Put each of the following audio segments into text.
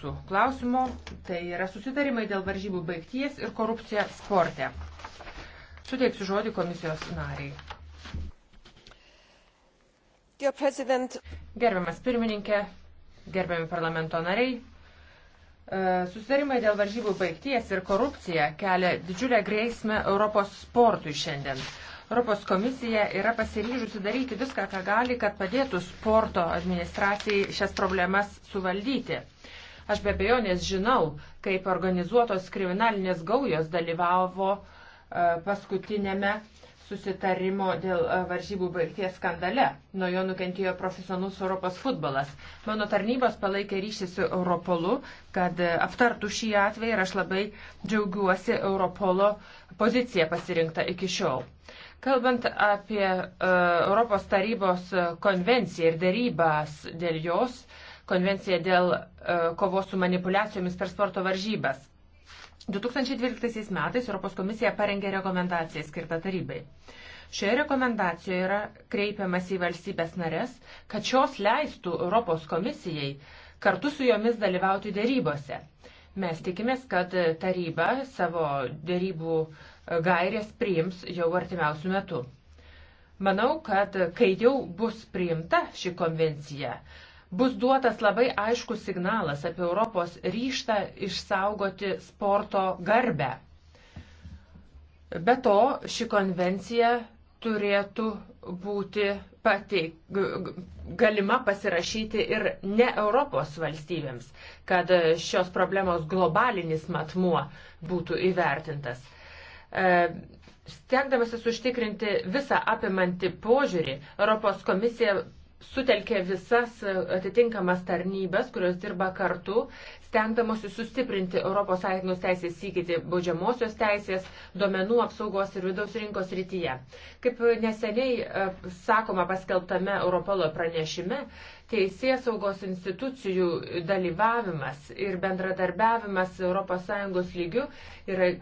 mūsų klausimo. Tai yra susitarimai dėl varžybų baigties ir korupcija sporte. Suteiksiu žodį komisijos nariai. Gerbiamas pirmininkė, gerbiami parlamento nariai, e, susitarimai dėl varžybų baigties ir korupcija kelia didžiulę grėsmę Europos sportui šiandien. Europos komisija yra pasiryžusi daryti viską, ką gali, kad padėtų sporto administracijai šias problemas suvaldyti. Aš be abejonės žinau, kaip organizuotos kriminalinės gaujos dalyvavo e, paskutinėme susitarimo dėl e, varžybų baigties skandale. Nuo jo nukentėjo profesionalus Europos futbolas. Mano tarnybos palaikė ryšį su Europolu, kad e, aptartų šį atvejį ir aš labai džiaugiuosi Europolo poziciją pasirinktą iki šiol. Kalbant apie uh, Europos tarybos konvenciją ir dėrybas dėl jos, uh, konvenciją dėl e, kovos su manipulacijomis per sporto varžybas. 2012 metais Europos komisija parengė rekomendaciją skirtą tarybai. Šioje rekomendacijoje yra kreipiamas į valstybės narės, kad šios leistų Europos komisijai kartu su jomis dalyvauti dėrybose. Mes tikimės, kad taryba savo dėrybų e, gairės priims jau artimiausių metų. Manau, kad kai jau bus priimta ši konvencija, bus duotas labai aiškus signalas apie Europos ryštą išsaugoti sporto garbę. Be to, ši konvencija turėtų būti pateik, galima pasirašyti ir ne Europos valstybėms, kad šios problemos globalinis matmuo būtų įvertintas. E, stengdamasis užtikrinti visą apimantį požiūrį, Europos komisija sutelkė visas e, atitinkamas tarnybas, kurios dirba kartu, stengdamosi sustiprinti ES teisės įgyti baudžiamosios teisės, duomenų apsaugos ir vidaus rinkos rytyje. Kaip neseniai e, sakoma paskelbtame Europolo pranešime, teisės saugos institucijų dalyvavimas ir bendradarbiavimas ES lygių yra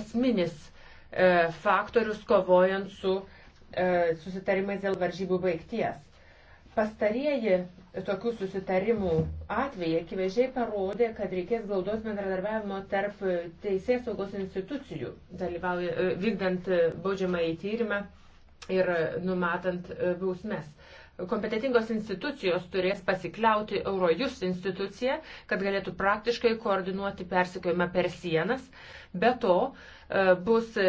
esminis e, faktorius kovojant su susitarimais dėl varžybų baigties. Pastarieji tokių susitarimų atvejai akivaizdžiai parodė, kad reikės glaudos bendradarbiavimo tarp teisės saugos institucijų, e, vykdant e, baudžiamąjį tyrimą ir e, numatant bausmes. Kompetentingos institucijos turės pasikliauti Eurojus instituciją, kad galėtų praktiškai koordinuoti persikėjimą per sienas. Be to e, bus e,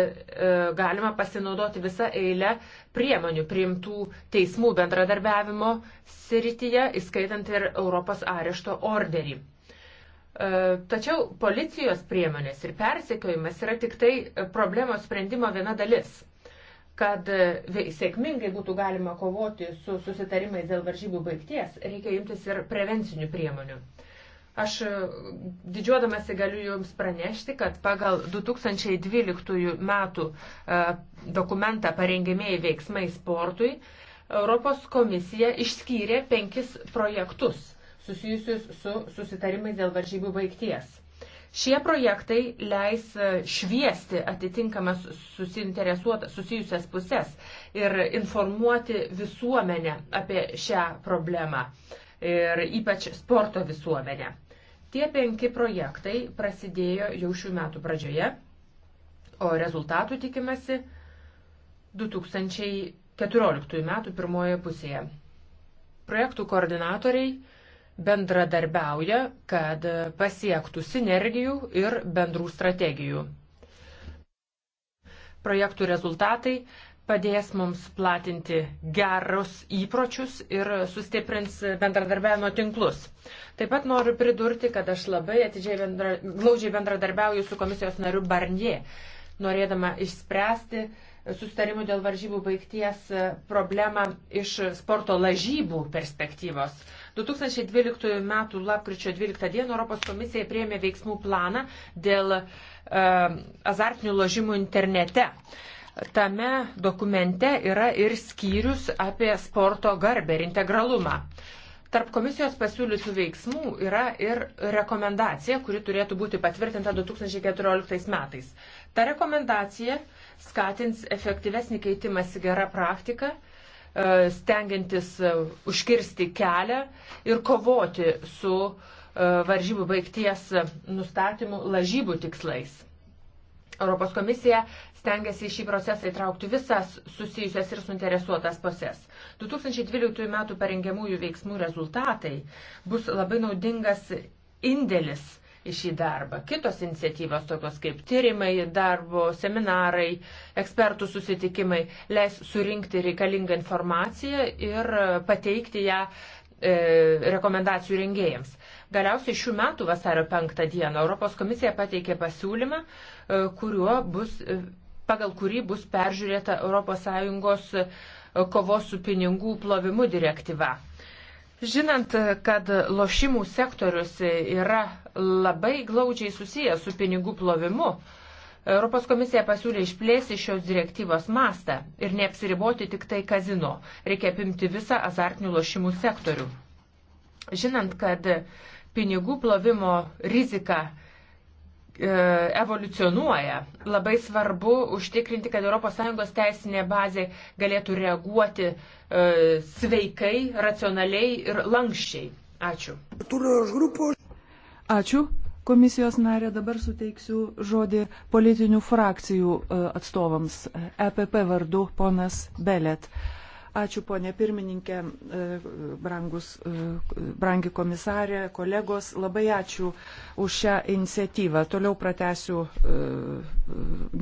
galima pasinaudoti visą eilę priemonių priimtų teismų bendradarbiavimo srityje, įskaitant ir Europos arešto orderį. E, tačiau policijos priemonės ir persekiojimas yra tik tai problemos sprendimo viena dalis kad e, sėkmingai būtų galima kovoti su susitarimais dėl varžybų baigties, reikia imtis ir prevencinių priemonių. Aš e, didžiuodamasi galiu Jums pranešti, kad pagal 2012 metų e, dokumentą parengėmėjai veiksmai sportui, Europos komisija išskyrė penkis projektus susijusius su susitarimais dėl varžybų baigties. Šie projektai leis e, šviesti atitinkamas susijusias pusės ir informuoti visuomenę apie šią problemą ir ypač sporto visuomenę. Tie penki projektai prasidėjo jau šių metų pradžioje, o rezultatų tikimasi 2014 metų pirmoje pusėje. Projektų koordinatoriai bendradarbiauja, kad pasiektų sinergijų ir bendrų strategijų. Projektų rezultatai padės mums platinti gerus įpročius ir sustiprins bendradarbiavimo tinklus. Taip pat noriu pridurti, kad aš labai atidžiai bendra, glaudžiai bendradarbiauju su komisijos nariu Barnie, norėdama išspręsti uh, sustarimų dėl varžybų baigties problemą iš sporto lažybų perspektyvos. 2012 m. lapkričio 12 d. Europos komisija priėmė veiksmų planą dėl uh, azartinių ložimų internete. Tame dokumente yra ir skyrius apie sporto garbę ir integralumą. Tarp komisijos pasiūlytų veiksmų yra ir rekomendacija, kuri turėtų būti patvirtinta 2014 metais. Ta rekomendacija uh, skatins efektyvesnį keitimąsi gerą praktiką, e, stengiantis e, užkirsti kelią ir kovoti su e, varžybų baigties nustatymų lažybų tikslais. Europos komisija stengiasi į šį procesą įtraukti visas susijusias ir suinteresuotas pusės. 2012 m. parengiamųjų veiksmų rezultatai bus labai naudingas indėlis į šį darbą. Kitos iniciatyvos, tokios kaip tyrimai, darbo seminarai, ekspertų susitikimai, leis surinkti reikalingą informaciją ir pateikti ją e, rekomendacijų rengėjams. Galiausiai šių metų vasario 5 dieną Europos komisija pateikė pasiūlymą, e, kuriuo bus, e, pagal kurį bus peržiūrėta ES kovos su pinigų plovimu direktyva. Žinant, kad lošimų sektorius yra labai glaudžiai susijęs su pinigų plovimu, Europos komisija pasiūlė išplėsti šios direktyvos mastą ir neapsiriboti tik tai kazino. Reikia apimti visą azartinių lošimų sektorių. Žinant, kad pinigų plovimo rizika E, evoliucionuoja. Labai svarbu užtikrinti, kad ES teisinė bazė galėtų reaguoti e, sveikai, racionaliai ir lankščiai. Ačiū. Ačiū. Komisijos narė dabar suteiksiu žodį politinių frakcijų e, atstovams. EPP vardu ponas Belet. Ačiū, ponė pirmininkė, e, brangus, e, brangi komisarė, kolegos. Labai ačiū už šią iniciatyvą. Toliau pratesiu e,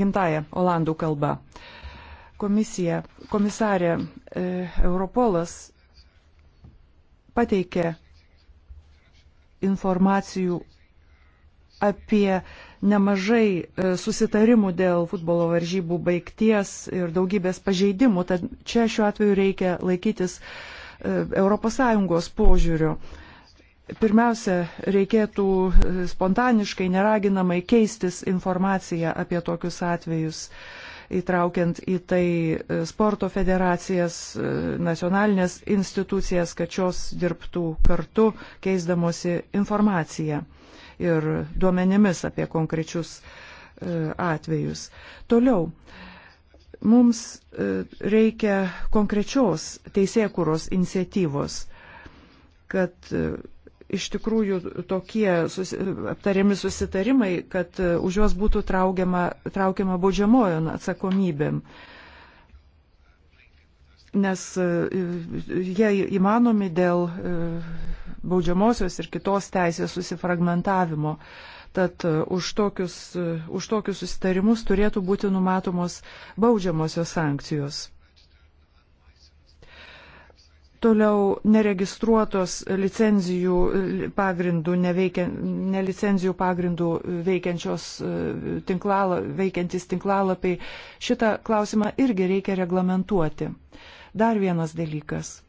gimtają olandų kalbą. Komisija, komisarė Europolas pateikė informacijų apie nemažai e, susitarimų dėl futbolo varžybų baigties ir daugybės pažeidimų, tad čia šiuo atveju reikia laikytis ES požiūrio. Pirmiausia, reikėtų e, spontaniškai, neraginamai keistis informaciją apie tokius atvejus, įtraukiant į tai e, sporto federacijas, nacionalinės institucijas, kad šios dirbtų kartu, keisdamosi informaciją ir duomenimis apie konkrečius e, atvejus. Toliau, mums e, reikia konkrečios teisėkuros iniciatyvos, kad e, iš tikrųjų tokie susi, aptariami susitarimai, kad už juos būtų traukiama, traukiama baudžiamojon atsakomybėm. Uh, nes e, jie įmanomi dėl e, baudžiamosios ir kitos teisės susifragmentavimo. Tad e, už tokius, už tokius susitarimus turėtų būti numatomos baudžiamosios sankcijos. Toliau neregistruotos licenzijų pagrindų, neveikia, nelicenzijų pagrindų veikiančios tinklala, veikiantis tinklalapiai. Šitą klausimą irgi reikia reglamentuoti. Uh, Dar vienas dalykas.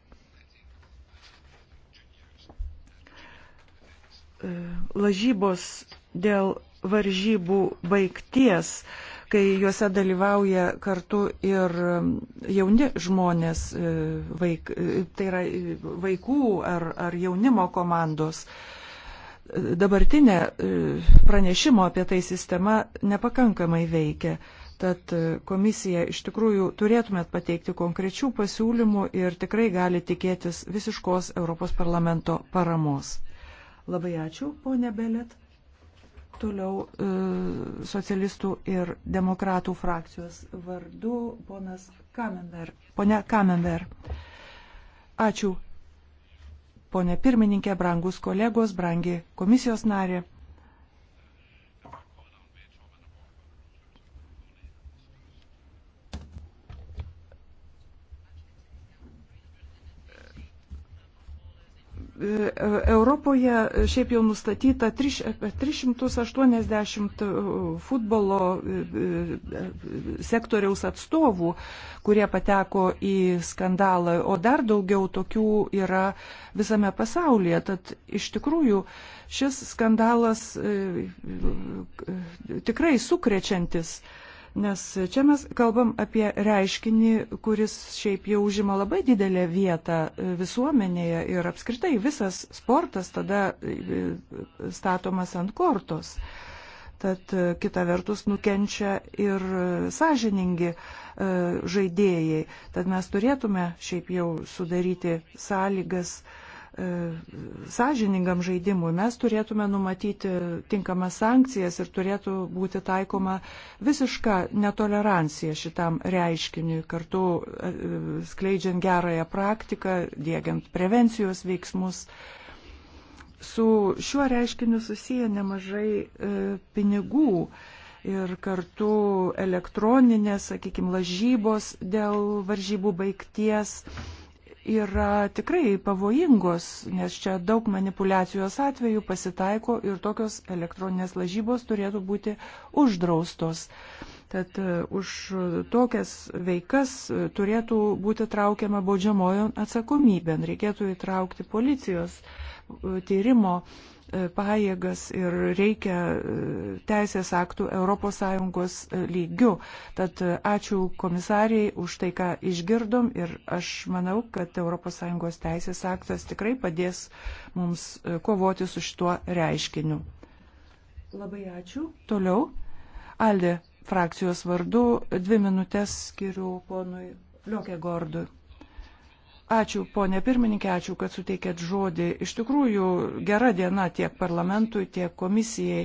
E, lažybos dėl varžybų baigties, kai juose dalyvauja kartu ir jauni žmonės, e, vaik, e, tai yra vaikų ar, ar jaunimo komandos dabartinė pranešimo apie tai sistema nepakankamai veikia. Tad e, komisija iš tikrųjų turėtumėt pateikti konkrečių pasiūlymų ir tikrai gali tikėtis visiškos Europos parlamento paramos. Labai ačiū, ponė Belėt. Toliau e, socialistų ir demokratų frakcijos vardu ponas Kamenver. Pone Kamenver. Ačiū, ponė pirmininkė, brangus kolegos, brangi komisijos narė. Europoje šiaip jau nustatyta 380 e, futbolo e, e, sektoriaus atstovų, kurie pateko į skandalą, o dar daugiau tokių yra visame pasaulyje. Tad iš tikrųjų šis skandalas tikrai sukrečiantis. Nes čia mes kalbam apie reiškinį, kuris šiaip jau užima labai didelę vietą visuomenėje ir apskritai visas sportas tada e, statomas ant kortos. Tad e, kita vertus nukenčia ir sąžiningi e, žaidėjai. Tad mes turėtume šiaip jau sudaryti sąlygas uh, E, sąžiningam žaidimui mes turėtume numatyti tinkamas sankcijas ir turėtų būti taikoma visiška netolerancija šitam reiškiniui, kartu e, skleidžiant gerąją praktiką, dėgiant prevencijos veiksmus. Su šiuo reiškiniu susiję nemažai e, pinigų ir kartu elektroninės, sakykime, lažybos dėl varžybų baigties. E, yra tikrai pavojingos, nes čia daug manipulacijos atvejų pasitaiko ir tokios elektroninės lažybos turėtų būti uždraustos. Tad e, už tokias veikas e, turėtų būti traukiama baudžiamojo atsakomybė, reikėtų įtraukti policijos e, tyrimo E, pajėgas ir reikia e, teisės aktų ES e, lygių. Tad ačiū komisariai už tai, ką išgirdom ir aš manau, kad ES teisės aktas tikrai padės mums kovoti su šituo reiškiniu. Labai ačiū. Toliau. Aldė frakcijos vardu dvi minutės skiriu ponui Liokė Gordui. Ačiū, ponė pirmininkė, ačiū, kad suteikėt žodį. Iš tikrųjų, gera diena tiek parlamentui, tiek komisijai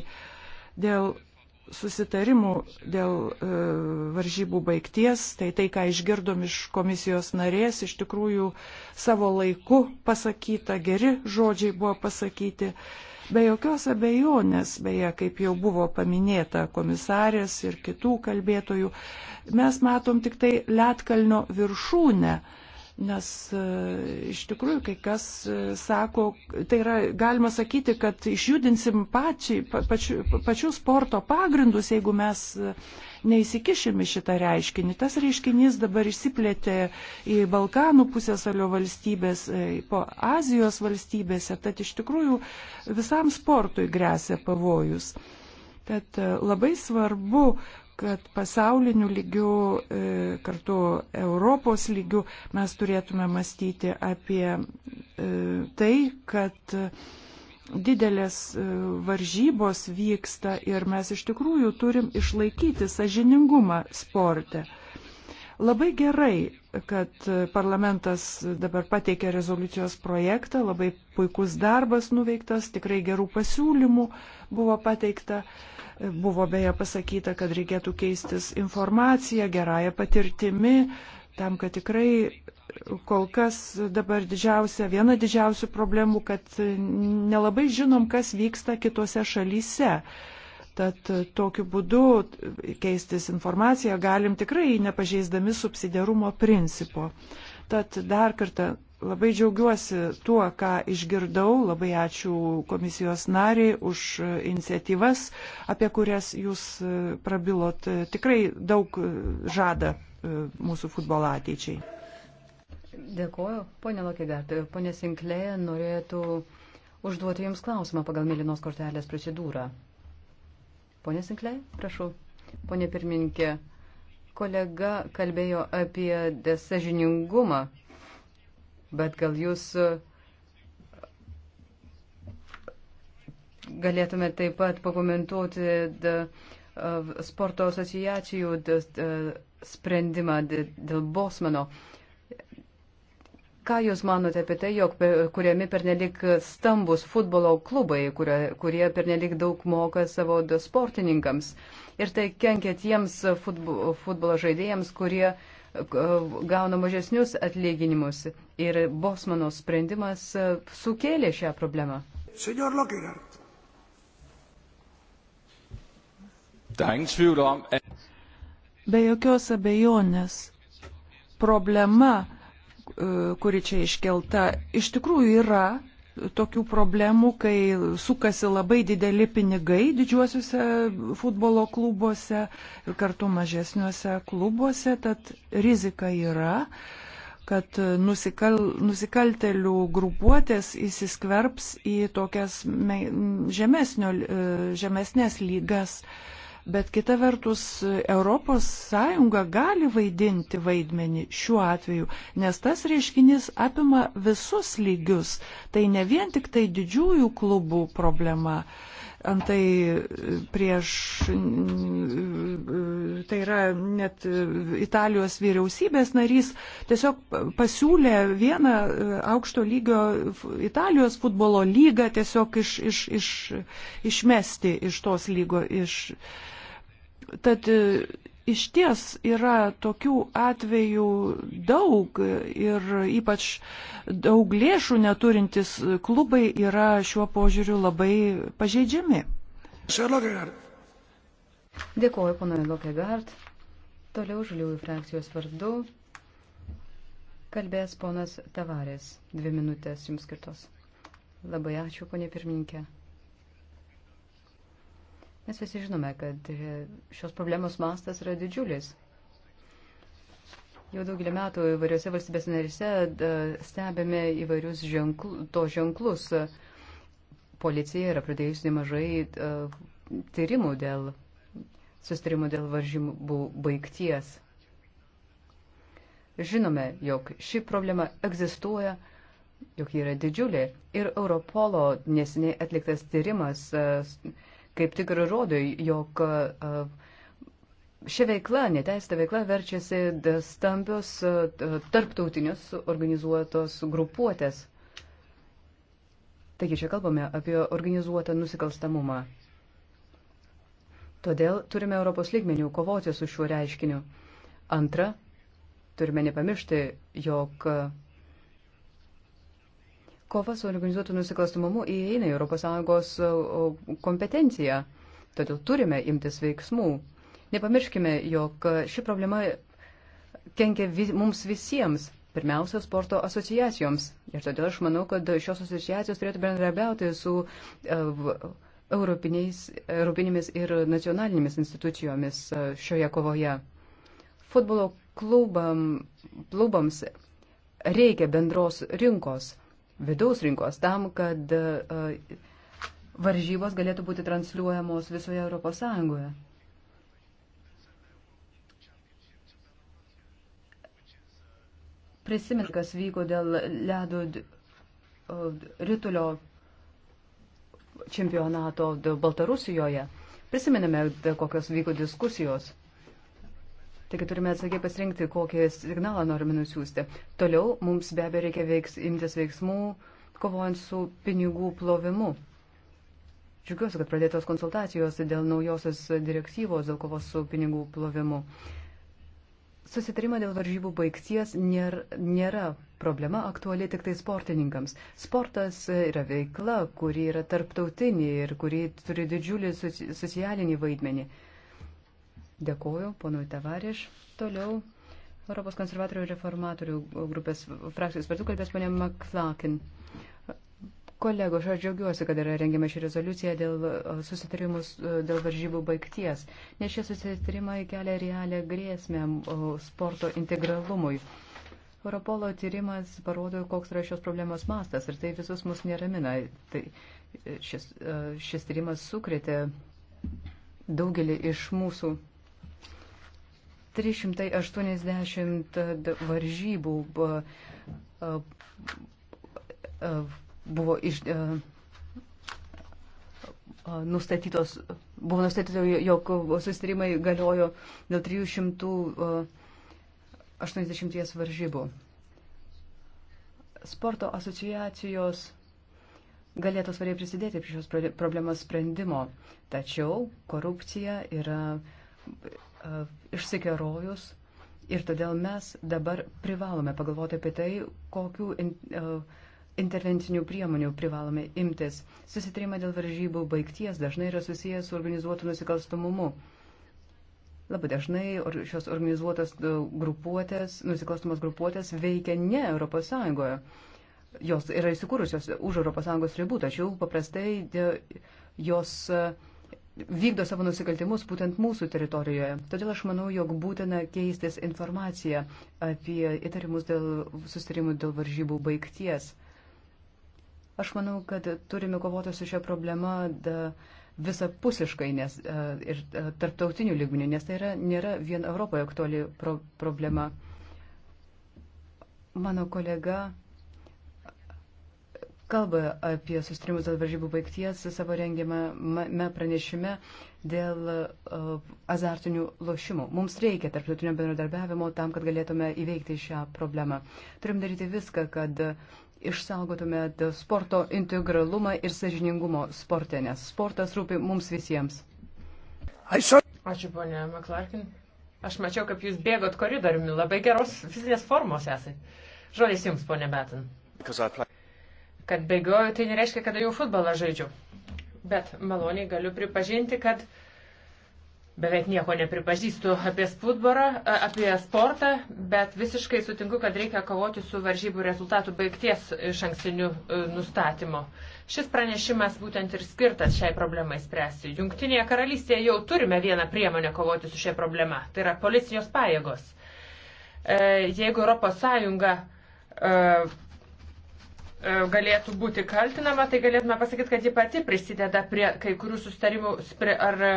dėl susitarimų, dėl e, varžybų baigties. Tai tai, ką išgirdom iš komisijos narės, iš tikrųjų savo laiku pasakyta, geri žodžiai buvo pasakyti. Be jokios abejonės, beje, kaip jau buvo paminėta komisarės ir kitų kalbėtojų, mes matom tik tai Lietkalnio viršūnę. E, Nes e, iš tikrųjų, kai kas e, sako, tai yra, galima sakyti, kad išjudinsim pačiai, pačių, pačių sporto pagrindus, jeigu mes e, neįsikišim į šitą reiškinį. Tas reiškinys dabar išsiplėtė į Balkanų pusėsalio valstybės, po Azijos valstybėse, tad iš tikrųjų visam sportui grėsia pavojus. Tad labai svarbu, kad pasauliniu lygiu, e, kartu Europos lygiu mes turėtume mąstyti apie e, tai, kad didelės e, varžybos vyksta ir mes iš tikrųjų turim išlaikyti sažiningumą sporte. Labai gerai, kad parlamentas dabar pateikė rezoliucijos projektą, labai puikus darbas nuveiktas, tikrai gerų pasiūlymų buvo pateikta. Buvo beje pasakyta, kad reikėtų keistis informaciją, gerąją patirtimi, tam, kad tikrai kol kas dabar didžiausia, viena didžiausių problemų, kad nelabai žinom, kas vyksta kitose šalyse. Tad tokiu būdu keistis informaciją galim tikrai nepažeisdami subsidiarumo principo. Tad dar kartą labai džiaugiuosi tuo, ką išgirdau. Labai ačiū komisijos nariai už iniciatyvas, apie kurias jūs prabilot. Tikrai daug žada mūsų futbolo ateičiai. Dėkuoju. Pone Lokigartai, ponė Sinklė norėtų užduoti Jums klausimą pagal Milinos kortelės procedūrą. Pone Sinklei, prašau. Pone pirmininkė, kolega kalbėjo apie desažiningumą, bet gal jūs uh, galėtume taip pat pakomentuoti da, uh, sporto asociacijų da, da, sprendimą dėl Bosmano. Da, Ką Jūs manote apie tai, jog kuriami pernelik stambus futbolo klubai, kurie, kurie pernelik daug moka savo sportininkams ir tai kenkia tiems futbolo, futbolo žaidėjams, kurie e, gauna mažesnius atlyginimus ir Bosmano sprendimas e, sukėlė šią problemą. Senor Lokigaard. Be jokios abejonės problema E, kuri čia iškelta, iš tikrųjų yra tokių problemų, kai sukasi labai dideli pinigai didžiuosiuose futbolo klubuose ir kartu mažesniuose klubuose, tad rizika yra, kad nusikal, nusikaltelių grupuotės įsiskverbs į tokias žemesnio, e, žemesnės lygas. Bet kita vertus, ES gali vaidinti vaidmenį šiuo atveju, nes tas reiškinys apima visus lygius. Tai ne vien tik tai didžiųjų klubų problema. Antai e, prieš, e, e, tai yra net Italijos vyriausybės narys, tiesiog pasiūlė vieną aukšto lygio Italijos futbolo lygą tiesiog iš, iš, iš, išmesti iš tos lygo, iš, Tad e, iš ties yra tokių atvejų daug ir ypač daug lėšų neturintys klubai yra šiuo požiūriu labai pažeidžiami. Dėkuoju, ponui Lokegard. Toliau žaliųjų frakcijos vardu kalbės ponas Tavarės. Dvi minutės jums skirtos. Labai ačiū, ponė pirmininkė. Mes visi žinome, kad šios problemos mastas yra didžiulis. Jau daugelį metų įvairiose valstybės narise stebėme įvairius ženklu, to ženklus. Policija yra pradėjusi nemažai tyrimų dėl sustarimų dėl varžymų baigties. Žinome, jog ši problema egzistuoja, jog ji yra didžiulė ir Europolo nesiniai atliktas tyrimas uh, kaip tik ir rodo, jog e, ši veikla, neteista veikla, verčiasi stambios e, tarptautinius organizuotos grupuotės. Taigi čia kalbame apie organizuotą nusikalstamumą. Todėl turime Europos lygmenių kovoti su šiuo reiškiniu. Antra, turime nepamiršti, jog Kova su organizuotu nusikalstamumu įeina į ES e, e, kompetenciją, todėl turime imtis veiksmų. Nepamirškime, jog ši problema kenkia vis, mums visiems, pirmiausia, sporto asociacijoms. Ir todėl aš manau, kad šios asociacijos turėtų bendrabiauti su e, europinėmis ir nacionalinėmis institucijomis šioje kovoje. Futbolo klubam, klubams reikia bendros rinkos vidaus rinkos tam, kad e, varžybos galėtų būti transliuojamos visoje Europos Sąjungoje. Prisimint, kas vyko dėl ledo e, rytulio čempionato Baltarusijoje. Prisiminame, kokios vyko diskusijos. Taigi turime atsargiai pasirinkti, kokį signalą norime nusiųsti. Toliau mums be abejo reikia veiks, imtis veiksmų, kovojant su pinigų plovimu. Džiugiuosi, kad pradėtos konsultacijos dėl naujosios direktyvos dėl kovos su pinigų plovimu. Susitarimą dėl varžybų baigties nėra, nėra problema aktuali tik tai sportininkams. Sportas yra veikla, kuri yra tarptautinė ir kuri turi didžiulį socialinį vaidmenį. Dėkuoju, ponui Tavariš. Toliau Europos konservatorių ir reformatorių grupės frakcijos vardu kalbės ponė McLaughlin. Kolegos, aš džiaugiuosi, kad yra rengiama ši rezoliucija dėl e, susitarimus, e, dėl varžybų baigties, nes šie susitarimai kelia realią grėsmę sporto integralumui. Europolo tyrimas parodo, koks yra šios problemos mastas ir tai visus mus neramina. Tai e, šis, šis tyrimas sukrėtė daugelį iš mūsų 380 varžybų buvo iš, nustatytos, buvo nustatyta, jog susitarimai galiojo dėl 380 varžybų. Sporto asociacijos galėtų svariai prisidėti prie šios problemos sprendimo, tačiau korupcija yra E, išsikerojus ir todėl mes dabar privalome pagalvoti apie tai, kokiu in, e, intervencinių priemonių privalome imtis. Susitarimai dėl varžybų baigties dažnai yra susijęs su organizuotu nusikalstumumu. Labai dažnai šios organizuotas e, grupuotės, nusikalstamos grupuotės veikia ne ES. Jos yra įsikūrusios už ES ribų, tačiau paprastai jos uh, vykdo savo nusikaltimus būtent mūsų teritorijoje. Todėl aš manau, jog būtina keistis informacija apie įtarimus dėl sustarimų dėl varžybų baigties. Aš manau, kad turime kovoti su šia problema da, visapusiškai nes, e, ir e, tarptautiniu lygmeniu, nes tai yra, nėra vien Europoje aktuali pro, problema. Mano kolega kalba apie sustrimus dėl varžybų baigties savo rengiamame pranešime dėl uh, azartinių lošimų. Mums reikia tarptautinio bendradarbiavimo tam, kad galėtume įveikti šią problemą. Turim daryti viską, kad išsaugotume sporto integralumą ir sažiningumo sportę, nes sportas rūpi mums visiems. Ačiū, ponė Maklarkin. Aš mačiau, kaip jūs bėgot koridoriumi, labai geros fizinės formos esate. Žodis jums, ponė Metin kad bėgioju, tai nereiškia, kad jau futbolą žaidžiu. Bet maloniai galiu pripažinti, kad beveik nieko nepripažįstu apie, sputborą, apie sportą, bet visiškai sutinku, kad reikia kovoti su varžybų rezultatų baigties iš ankstinių e, nustatymo. Šis pranešimas būtent ir skirtas šiai problemai spręsti. Junktinėje karalystėje jau turime vieną priemonę kovoti su šia problema - tai yra policijos pajėgos. E, jeigu ES E, galėtų būti kaltinama, tai galėtume pasakyti, kad ji pati prisideda prie kai kurių sustarimų ar e,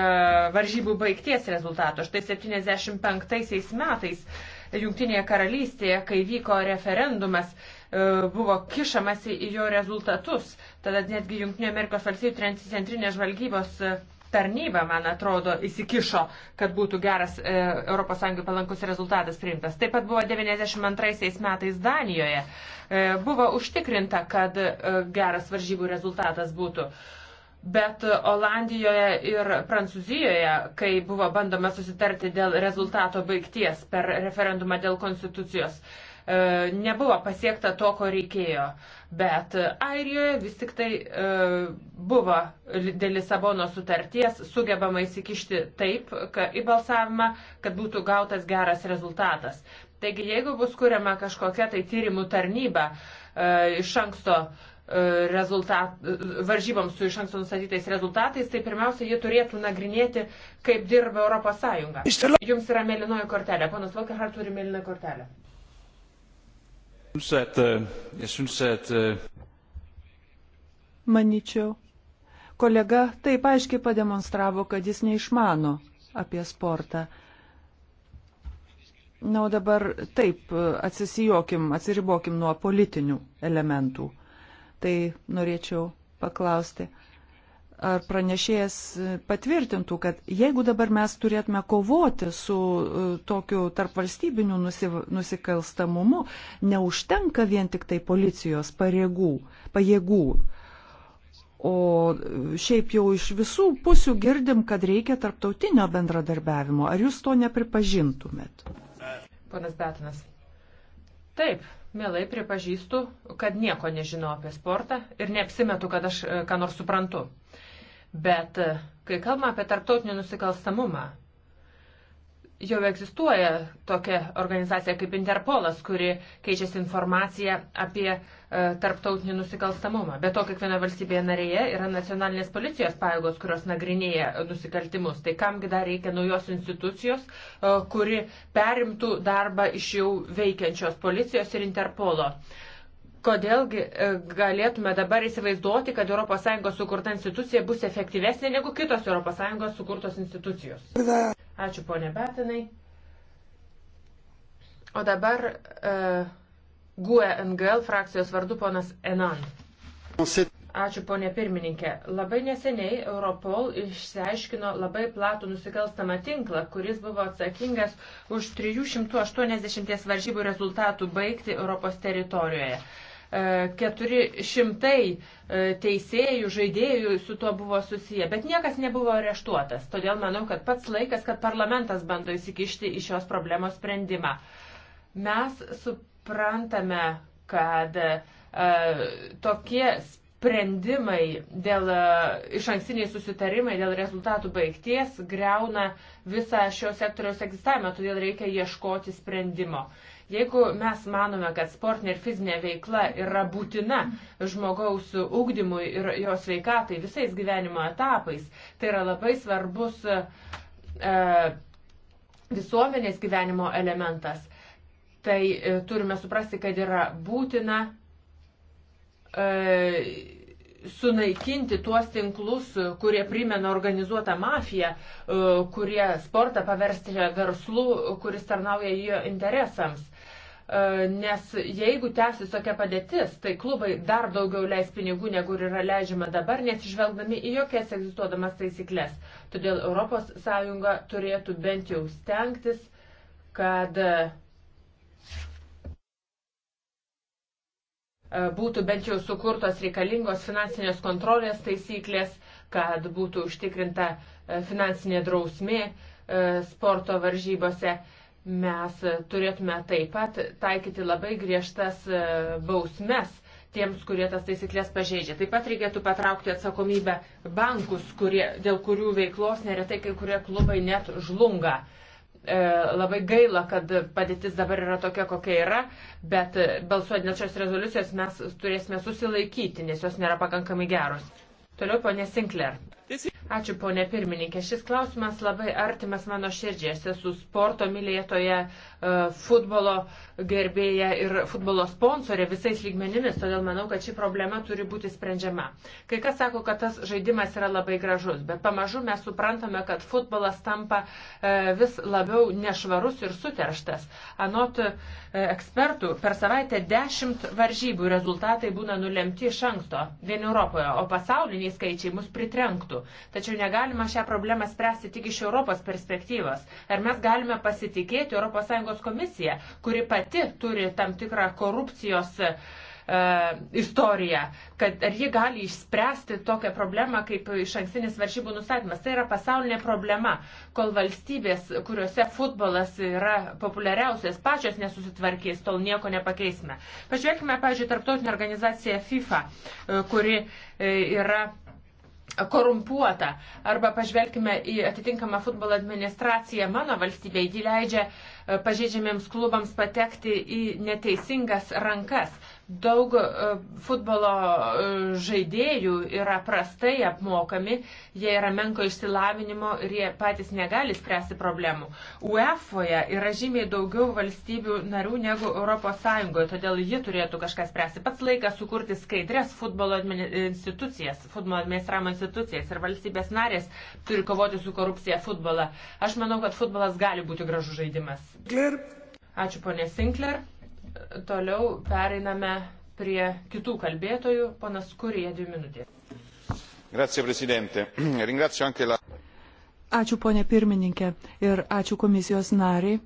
varžybų baigties rezultato. Štai 75 metais Junktinėje karalystėje, kai vyko referendumas, e, buvo kišamasi į jo rezultatus. Tada netgi Junktinė Amerikos valstybių centrinės žvalgybos tarnyba, man atrodo, įsikišo, kad būtų geras e, ES palankus rezultatas priimtas. Taip pat buvo 92 metais Danijoje. E, buvo užtikrinta, kad e, geras varžybų rezultatas būtų. Bet Olandijoje ir Prancūzijoje, kai buvo bandoma susitarti dėl rezultato baigties per referendumą dėl konstitucijos, e, E, nebuvo pasiekta to, ko reikėjo. Bet Airijoje vis tik tai e, buvo dėl Lisabono sutarties sugebama įsikišti taip ka, į balsavimą, kad būtų gautas geras rezultatas. Taigi, jeigu bus kuriama kažkokia tai tyrimų tarnyba e, iš anksto rezultat, varžyboms su iš anksto nustatytais rezultatais, tai pirmiausia, jie turėtų nagrinėti, kaip dirba Europos Sąjunga. Jums yra mėlynoji kortelė. Ponas Valkahar turi mėlyną kortelę. Øh, øh, Maničiau, kolega taip aiškiai pademonstravo, kad jis neišmano apie sportą. Na, o dabar taip, atsisijokim, atsiribokim nuo politinių elementų. Tai norėčiau paklausti, ar pranešėjas patvirtintų, kad jeigu dabar mes turėtume kovoti su e, tokiu tarpvalstybiniu nusikalstamumu, neužtenka vien tik tai policijos pareigų, pajėgų. O šiaip jau iš visų pusių girdim, kad reikia tarptautinio bendradarbiavimo. Ar jūs to nepripažintumėt? Ponas Betinas. Taip, mielai pripažįstu, kad nieko nežinau apie sportą ir neapsimetu, kad aš e, ką nors suprantu. Bet e, kai kalbame apie tarptautinį nusikalstamumą, jau egzistuoja tokia organizacija kaip Interpolas, kuri keičiasi informaciją apie e, tarptautinį nusikalstamumą. Be to, kiekviena valstybėje narėje yra nacionalinės policijos pajėgos, kurios nagrinėja nusikaltimus. Tai kamgi dar reikia naujos institucijos, e, kuri perimtų darbą iš jau veikiančios policijos ir Interpolo. E, kodėlgi e, galėtume dabar įsivaizduoti, kad ES sukurta institucija bus efektyvesnė negu kitos ES sukurtos institucijos. Ačiū ponė Betinai. O dabar uh, e, GUE NGL frakcijos vardu ponas Enan. Ačiū ponė pirmininkė. Labai neseniai Europol išsiaiškino labai platų nusikalstamą tinklą, kuris buvo atsakingas už 380 varžybų rezultatų baigti Europos teritorijoje. 400 e, teisėjų, žaidėjų su tuo buvo susiję, bet niekas nebuvo areštuotas. Todėl manau, kad pats laikas, kad parlamentas bando įsikišti į šios problemos sprendimą. Mes suprantame, kad e, tokie sprendimai dėl e, iš ankstiniai susitarimai, dėl rezultatų baigties greuna visą šio sektoriaus egzistavimą, todėl reikia ieškoti sprendimo. E, Jeigu mes manome, kad sportinė ir fizinė veikla yra būtina žmogaus ūkdymui ir jo sveikatai visais gyvenimo etapais, tai yra labai svarbus e, visuomenės gyvenimo elementas, tai e, turime suprasti, kad yra būtina e, sunaikinti tuos tinklus, kurie primena organizuotą mafiją, e, kurie sportą paversti verslu, kuris tarnauja jo interesams. E, nes jeigu tęsis tokia padėtis, tai klubai dar daugiau leis pinigų, negu yra leidžiama dabar, nesižvelgdami į jokias egzistuodamas taisyklės. Todėl ES turėtų bent jau stengtis, kad e, būtų bent jau sukurtos reikalingos finansinės kontrolės taisyklės, kad būtų užtikrinta e, finansinė drausmė sporto varžybose Mes turėtume taip pat taikyti labai griežtas e, bausmes tiems, kurie tas taisyklės pažeidžia. Taip pat reikėtų patraukti atsakomybę bankus, kurie, dėl kurių veiklos neretai kai kurie klubai net žlunga e, labai gaila, kad padėtis dabar yra tokia, kokia yra, bet balsuojant dėl šios rezoliucijos mes turėsime susilaikyti, nes jos nėra pakankamai geros. Toliau ponė Sinclair. Ačiū, ponė pirmininkė. Šis klausimas labai artimas mano širdžiai. Aš esu sporto mylėtoje, futbolo gerbėja ir futbolo sponsorė visais lygmenimis, todėl manau, kad ši problema turi būti sprendžiama. Kai kas sako, kad tas žaidimas yra labai gražus, bet pamažu mes suprantame, kad futbolas tampa e, vis labiau nešvarus ir suterštas. Anot e, ekspertų, per savaitę dešimt varžybų rezultatai būna nulemti iš anksto, vien Europoje, o pasauliniai skaičiai mus pritrenktų. Tačiau negalima šią problemą spręsti tik iš Europos perspektyvos. Ar mes galime pasitikėti ES komisiją, kuri pati turi tam tikrą korupcijos e, istoriją, kad ar ji gali išspręsti tokią problemą kaip iš ankstinis varžybų nustatymas. Tai yra pasaulinė problema, kol valstybės, kuriuose futbolas yra populiariausias, pačios nesusitvarkys, tol nieko nepakeisime. Pažiūrėkime, pažiūrėjau, tarptautinė organizacija FIFA, e, kuri e, yra korumpuota. Arba pažvelkime į atitinkamą futbolo administraciją mano valstybėje. Ji leidžia e, pažeidžiamiems klubams patekti į neteisingas rankas. Daug e, futbolo e, žaidėjų yra prastai apmokami, jie yra menko išsilavinimo ir jie patys negali spręsti problemų. UEFOje yra žymiai daugiau valstybių narių negu ES, todėl ji turėtų kažką spręsti. Pats laikas sukurti skaidrės futbolo institucijas, futbolo administravimo institucijas ir valstybės narės turi kovoti su korupcija futbolą. Aš manau, kad futbolas gali būti gražus žaidimas. Sinclair. Ačiū ponė Sinclair. Toliau pereiname prie kitų kalbėtojų. Ponas Kurija, dvi minutės. Grazie, prezidente. Ringrazio anche la. Ačiū, ponė pirmininkė, ir ačiū komisijos nariai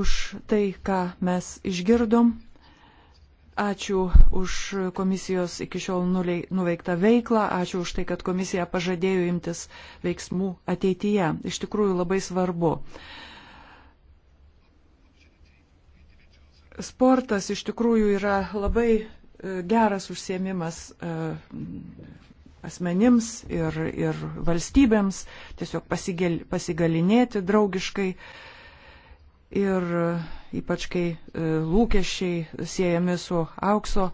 už tai, ką mes išgirdom. Ačiū už komisijos iki šiol nuveiktą veiklą, ačiū už tai, kad komisija pažadėjo imtis veiksmų ateityje. Iš tikrųjų labai svarbu. Uh, sportas iš tikrųjų yra labai e, geras užsiemimas e, asmenims ir, ir valstybėms, tiesiog pasigel, pasigalinėti draugiškai. Ir e, ypač kai lūkesčiai siejami su aukso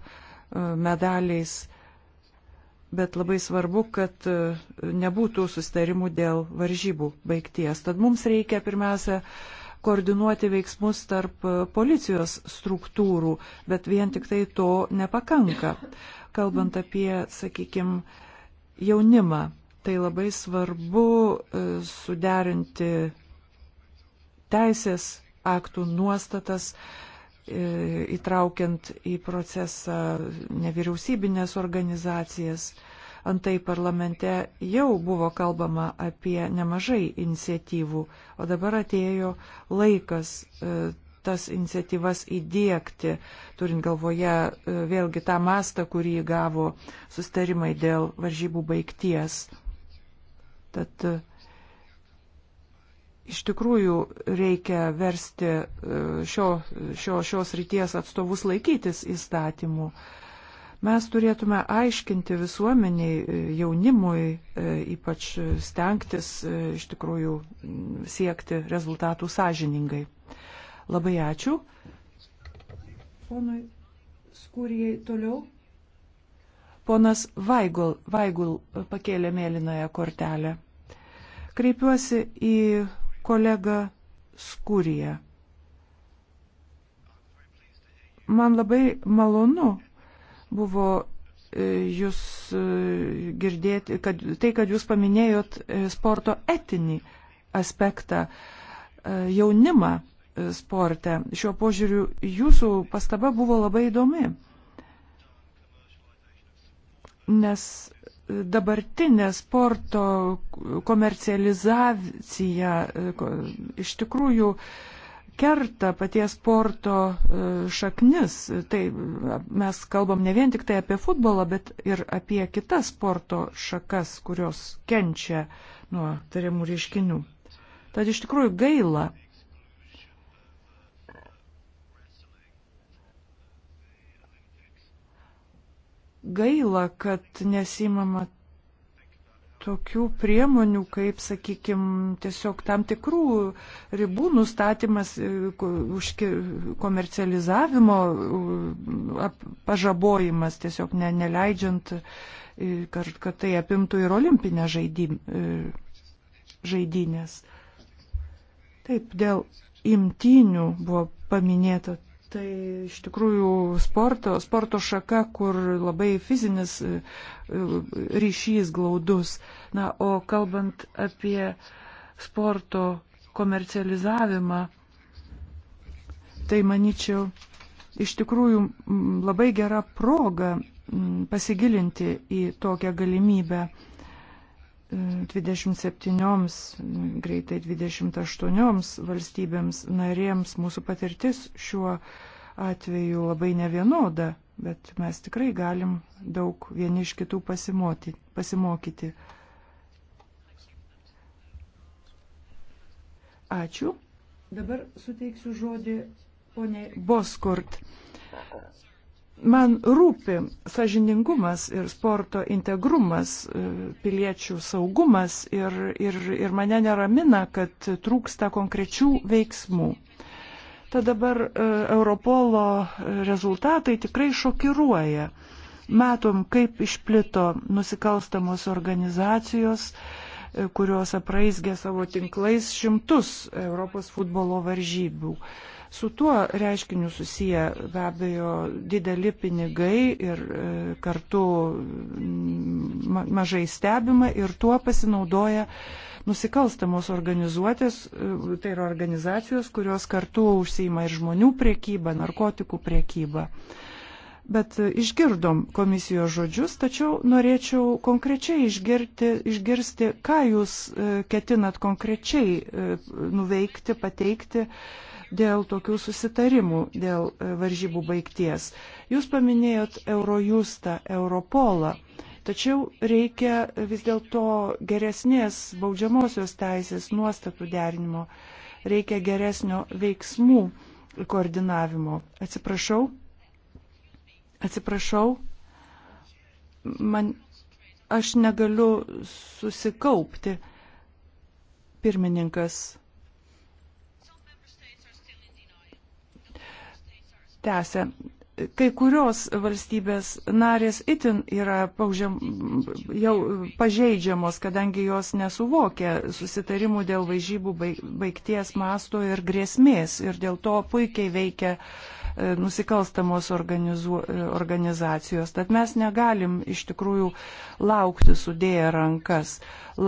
medaliais, bet labai svarbu, kad nebūtų sustarimų dėl varžybų baigties. Tad mums reikia pirmiausia koordinuoti veiksmus tarp e, policijos struktūrų, bet vien tik tai to nepakanka. Kalbant apie, sakykime, jaunimą, tai labai svarbu e, suderinti teisės aktų nuostatas, e, įtraukiant į procesą nevyriausybinės organizacijas. Antai parlamente jau buvo kalbama apie nemažai iniciatyvų, o dabar atėjo laikas e, tas iniciatyvas įdėkti, turint galvoje e, vėlgi tą mastą, kurį gavo sustarimai dėl varžybų baigties. Tad e, iš tikrųjų reikia versti šio, šio, šios ryties atstovus laikytis įstatymų. Mes turėtume aiškinti visuomeniai, e, jaunimui, e, ypač stengtis e, iš tikrųjų siekti rezultatų sąžiningai. Labai ačiū. Ponui Skūrijai toliau. Ponas Vaigul, Vaigul pakėlė mėlynąją kortelę. Kreipiuosi į kolegą Skūriją. Man labai malonu buvo e, jūs e, girdėti, kad tai, kad jūs paminėjot e, sporto etinį aspektą, jaunimą sporte. Šiuo požiūriu jūsų pastaba buvo labai įdomi, nes dabartinė sporto komercializacija iš tikrųjų kerta paties sporto e, šaknis. Tai e, mes kalbam ne vien tik tai apie futbolą, bet ir apie kitas sporto šakas, kurios kenčia nuo tariamų reiškinių. Tad iš tikrųjų gaila. Gaila, kad nesimama tokių priemonių, kaip, sakykime, tiesiog tam tikrų ribų nustatymas e, už komercializavimo e, pažabojimas, tiesiog ne, neleidžiant, e, kad, kad tai apimtų ir olimpinę žaidynės. Taip, dėl imtynių buvo paminėta Tai iš tikrųjų sporto, sporto šaka, kur labai fizinis e, e, ryšys glaudus. Na, o kalbant apie sporto komercializavimą, tai manyčiau, iš tikrųjų labai gera proga pasigilinti į tokią galimybę 27, greitai 28 valstybėms narėms mūsų patirtis šiuo atveju labai nevienoda, bet mes tikrai galim daug vieni iš kitų pasimoti, pasimokyti. Ačiū. Dabar suteiksiu žodį poniai Boskurt man rūpi sažiningumas ir sporto integrumas, e, piliečių saugumas ir, ir, ir mane neramina, kad trūksta konkrečių veiksmų. Tad dabar e, Europolo rezultatai tikrai šokiruoja. Matom, kaip išplito nusikalstamos organizacijos, e, kurios apraizgė savo tinklais šimtus Europos futbolo varžybių. Su tuo reiškiniu susiję be abejo dideli pinigai ir e, kartu mažai stebima ir tuo pasinaudoja nusikalstamos organizuotės, e, tai yra organizacijos, kurios kartu užsima ir žmonių priekybą, narkotikų priekybą. Bet e, išgirdom komisijos žodžius, tačiau norėčiau konkrečiai išgirti, išgirsti, ką jūs ketinat konkrečiai nuveikti, pateikti dėl tokių susitarimų, dėl e, varžybų baigties. Jūs paminėjot Eurojustą, Europolą. Tačiau reikia vis dėlto geresnės baudžiamosios teisės nuostatų derinimo, reikia geresnio veiksmų koordinavimo. Atsiprašau, atsiprašau, man, aš negaliu susikaupti pirmininkas tęsia. Kai kurios valstybės narės itin yra paužiam, jau pažeidžiamos, kadangi jos nesuvokia susitarimų dėl varžybų baigties masto ir grėsmės ir dėl to puikiai veikia uh, E, nusikalstamos organizu, e, organizacijos. Tad mes negalim iš tikrųjų laukti sudėję rankas.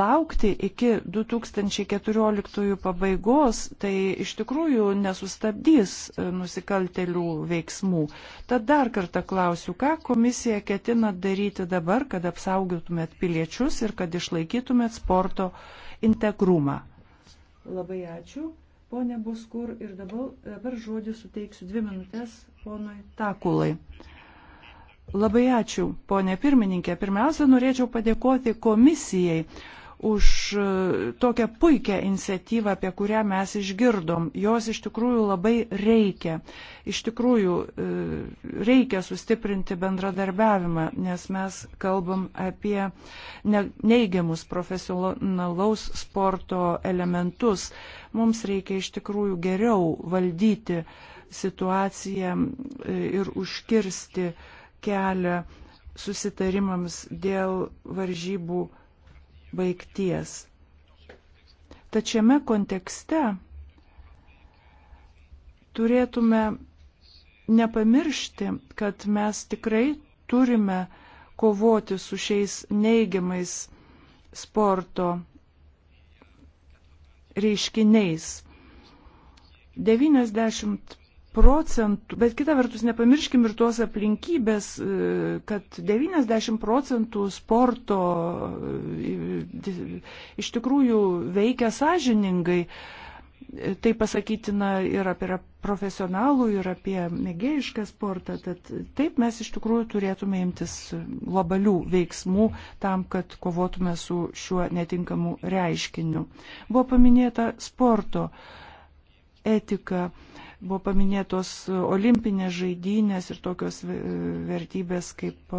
Laukti iki 2014 pabaigos tai iš tikrųjų nesustabdys e, nusikaltelių veiksmų. Tad dar kartą klausiu, ką komisija ketina daryti dabar, kad apsaugotumėt piliečius ir kad išlaikytumėt sporto integrumą. Labai ačiū. Pone Buskur, ir dabar, dabar žodį suteiksiu dvi minutės ponui Takulai. Labai ačiū, ponė pirmininkė. Pirmiausia, norėčiau padėkoti komisijai už e, tokią puikią iniciatyvą, apie kurią mes išgirdom. Jos iš tikrųjų labai reikia. Iš tikrųjų e, reikia sustiprinti bendradarbiavimą, nes mes kalbam apie neigiamus profesionalaus sporto elementus. Mums reikia iš tikrųjų geriau valdyti situaciją e, ir užkirsti kelią susitarimams dėl varžybų baigties. Tačiame kontekste turėtume nepamiršti, kad mes tikrai turime kovoti su šiais neigiamais sporto reiškiniais. 90 procentų, bet kita vertus nepamirškim ir tuos aplinkybės, e, kad 90 procentų sporto e, iš tikrųjų veikia sąžiningai. E, tai pasakytina ir apie profesionalų, ir apie mėgėjišką sportą. Tad taip mes iš tikrųjų turėtume imtis globalių veiksmų tam, kad kovotume su šiuo netinkamu reiškiniu. Buvo paminėta sporto etika Buvo paminėtos olimpinės žaidynės ir tokios vertybės kaip e,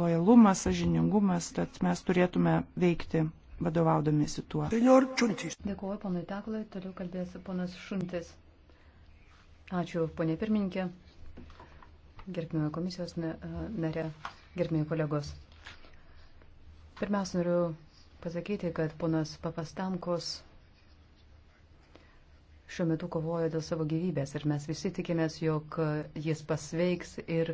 lojalumas, sažiningumas, tad mes turėtume veikti vadovaudomėsi tuo. Dėkuoju, ponai Teklai, toliau kalbės ponas Šuntis. Ačiū, ponė pirmininkė, gerbimojo komisijos e, narė, gerbimojo kolegos. Pirmiausia, noriu pasakyti, kad ponas Papastamkos šiuo metu kovoja dėl savo gyvybės ir mes visi tikimės, jog jis pasveiks ir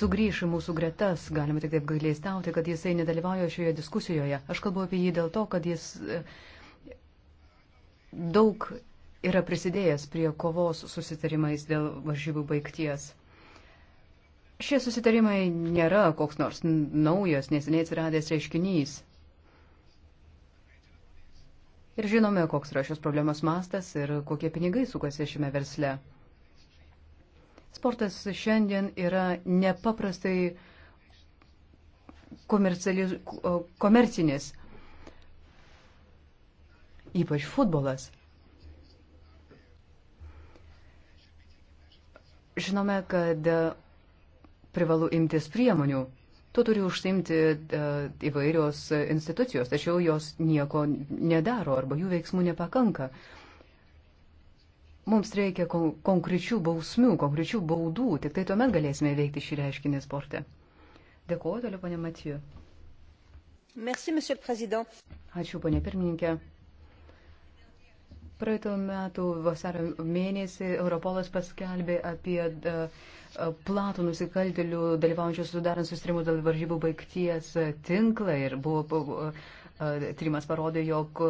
sugrįš į mūsų gretas. Galime tik taip gailėstauti, kad jisai nedalyvauja šioje diskusijoje. Aš kalbu apie jį dėl to, kad jis e, daug yra prisidėjęs prie kovos susitarimais dėl varžybų baigties. Šie susitarimai nėra koks nors naujas, neseniai atsiradęs reiškinys ir žinome, koks yra šios problemos mastas ir kokie pinigai sukasi šiame versle. Sportas šiandien yra nepaprastai komercinis, ypač futbolas. Žinome, kad privalu imtis priemonių Tuo turi užsimti e, įvairios institucijos, tačiau jos nieko nedaro arba jų veiksmų nepakanka. Mums reikia kon konkrečių bausmių, konkrečių baudų, tik tai tuomet galėsime veikti šį reiškinį sporte. Dėkuoju, toliau, ponė Matiju. Merci, monsieur le président. Ačiū, ponė pirmininkė. Praeitų metų vasario mėnesį Europolas paskelbė apie uh, platų nusikaltelių dalyvaujančių sudarant sustarimų dėl varžybų baigties tinklą ir buvo tyrimas parodė, jog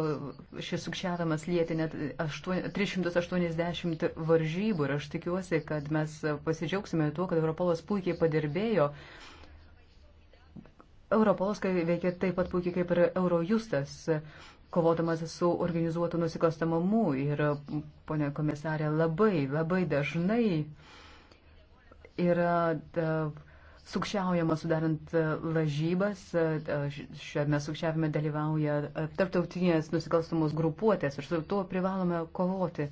šis sukčiavimas lietė net 8, 380 varžybų ir aš tikiuosi, kad mes pasidžiaugsime tuo, kad Europolas puikiai padirbėjo. Europolas veikia taip pat puikiai kaip ir Eurojustas, kovodamas su organizuotu nusikalstamumu ir, ponė komisarė, labai, labai dažnai uh, yra sukčiaujama sudarant e, lažybas. E, šiame sukčiavime dalyvauja e, tarptautinės nusikalstamos grupuotės ir su tuo privalome kovoti.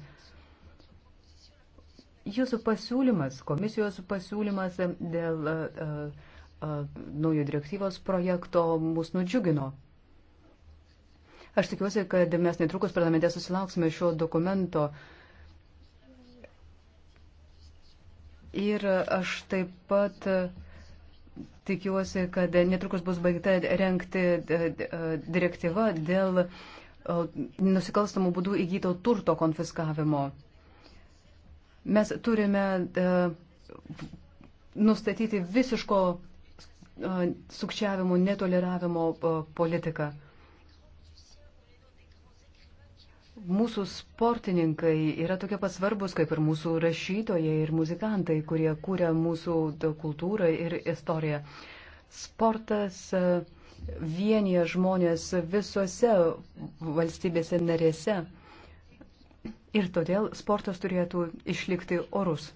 Jūsų pasiūlymas, komisijos pasiūlymas dėl uh, uh, naujo direktyvos projekto mus nudžiugino. Aš tikiuosi, kad mes netrukus parlamente susilauksime šio dokumento uh, Ir aš taip pat tikiuosi, kad netrukus bus baigta renkti direktyva dėl nusikalstamų būdų įgyto turto konfiskavimo. Mes turime nustatyti visiško sukčiavimo, netoleravimo politiką. Mūsų sportininkai yra tokie pasvarbus, kaip ir mūsų rašytojai ir muzikantai, kurie kūrė mūsų kultūrą ir istoriją. Sportas e, vienyje žmonės visose valstybėse narėse ir todėl sportas turėtų išlikti orus.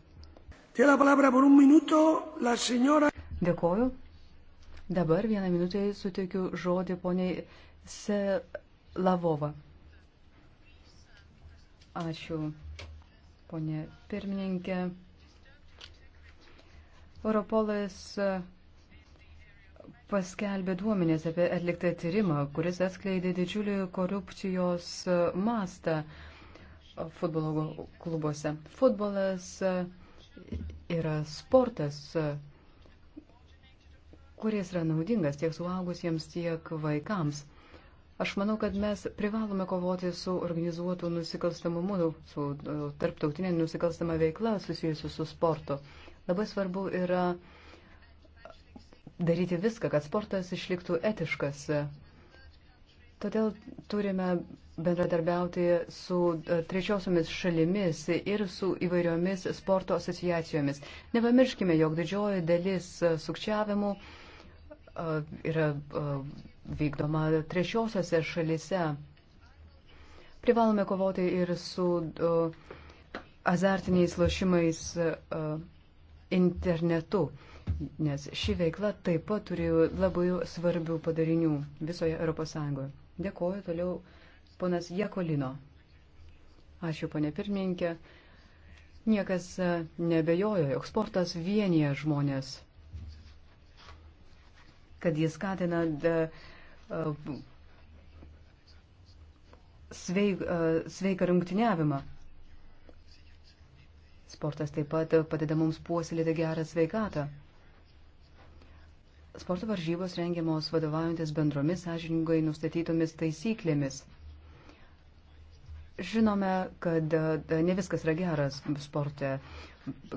Dėkoju. Dabar vieną minutę suteikiu žodį poniai Selavova. Ačiū, ponė pirmininkė. Europolas paskelbė duomenės apie atliktą tyrimą, kuris atskleidė didžiulį korupcijos mastą futbolo klubuose. Futbolas yra sportas, kuris yra naudingas tiek suaugusiems, tiek vaikams. Aš manau, kad mes privalome kovoti su organizuotu nusikalstamumu, su e, tarptautinė nusikalstama veikla susijusiu su sportu. Labai svarbu yra daryti viską, kad sportas išliktų etiškas. Todėl turime bendradarbiauti su e, trečiosiomis šalimis ir su įvairiomis sporto asociacijomis. Nepamirškime, jog didžioji dalis sukčiavimų e, yra vykdoma trečiosiose šalise. Privalome kovoti ir su uh, azartiniais lošimais uh, internetu, nes ši veikla taip pat turi labai svarbių padarinių visoje ES. Dėkuoju toliau ponas Jekolino. Ačiū, ponė pirmininkė. Niekas e, nebejojo, jog sportas vienyje žmonės kad jis skatina e, E, sveik, e, sveiką rungtiniavimą. Sportas taip pat padeda mums puoselėti gerą sveikatą. Sporto varžybos rengiamos vadovaujantis bendromis sąžiningai nustatytomis taisyklėmis. Žinome, kad e, ne viskas yra geras sporte.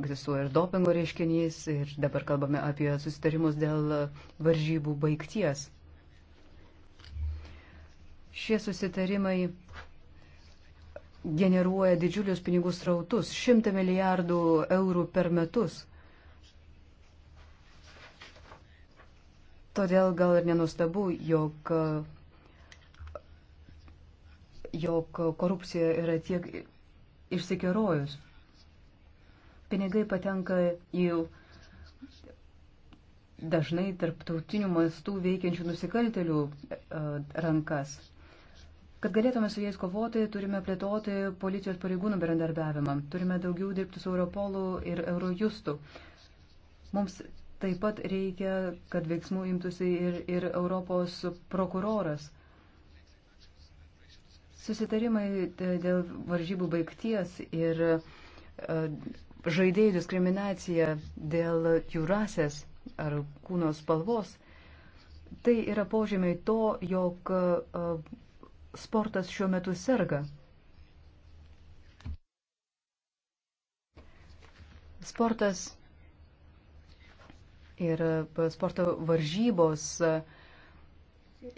Egzistuoja ir dopingo reiškinys, ir dabar kalbame apie susitarimus dėl varžybų baigties. Šie susitarimai generuoja didžiulius pinigų strautus - 100 milijardų eurų per metus. Todėl gal ir nenustabu, jog, jog korupcija yra tiek išsikerojus. Pinigai patenka į dažnai tarptautinių mastų veikiančių nusikaltelių e, rankas. Kad galėtume su jais kovoti, turime plėtoti policijos pareigūnų bendradarbiavimą, turime daugiau dirbti su Europolu ir Eurojustu. Mums taip pat reikia, kad veiksmų imtųsi ir, ir Europos prokuroras. Susitarimai dėl varžybų baigties ir e, žaidėjų diskriminacija dėl jų rasės ar kūno spalvos, tai yra požymiai to, jog e, sportas šiuo metu serga? Sportas ir sporto varžybos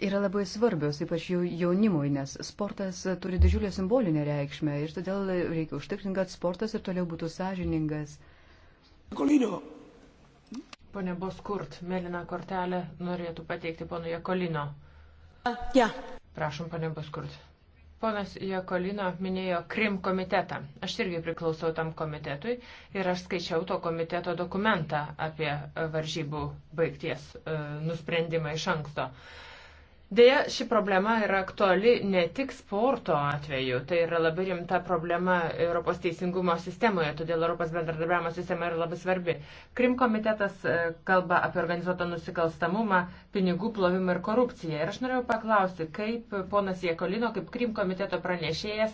yra labai svarbios, ypač jaunimui, nes sportas turi didžiulę simbolinę reikšmę ir todėl reikia užtikrinti, kad sportas ir toliau būtų sąžiningas. Kolino. Pone Boskurt, mėlyną kortelę norėtų pateikti pono Jekolino. Ja. Prašom, ponė Buskurt. Ponas Jekolino minėjo Krim komitetą. Aš irgi priklausau tam komitetui ir aš skaičiau to komiteto dokumentą apie varžybų baigties e, nusprendimą iš anksto. Uh, Deja, ši problema yra aktuali ne tik sporto atveju, tai yra labai rimta problema Europos teisingumo sistemoje, todėl Europos bendradarbiavimo sistema yra labai svarbi. Krim komitetas e, kalba apie organizuotą nusikalstamumą, pinigų plovimą ir korupciją. Ir aš norėjau paklausti, kaip ponas Jekolino, kaip Krim komiteto pranešėjas,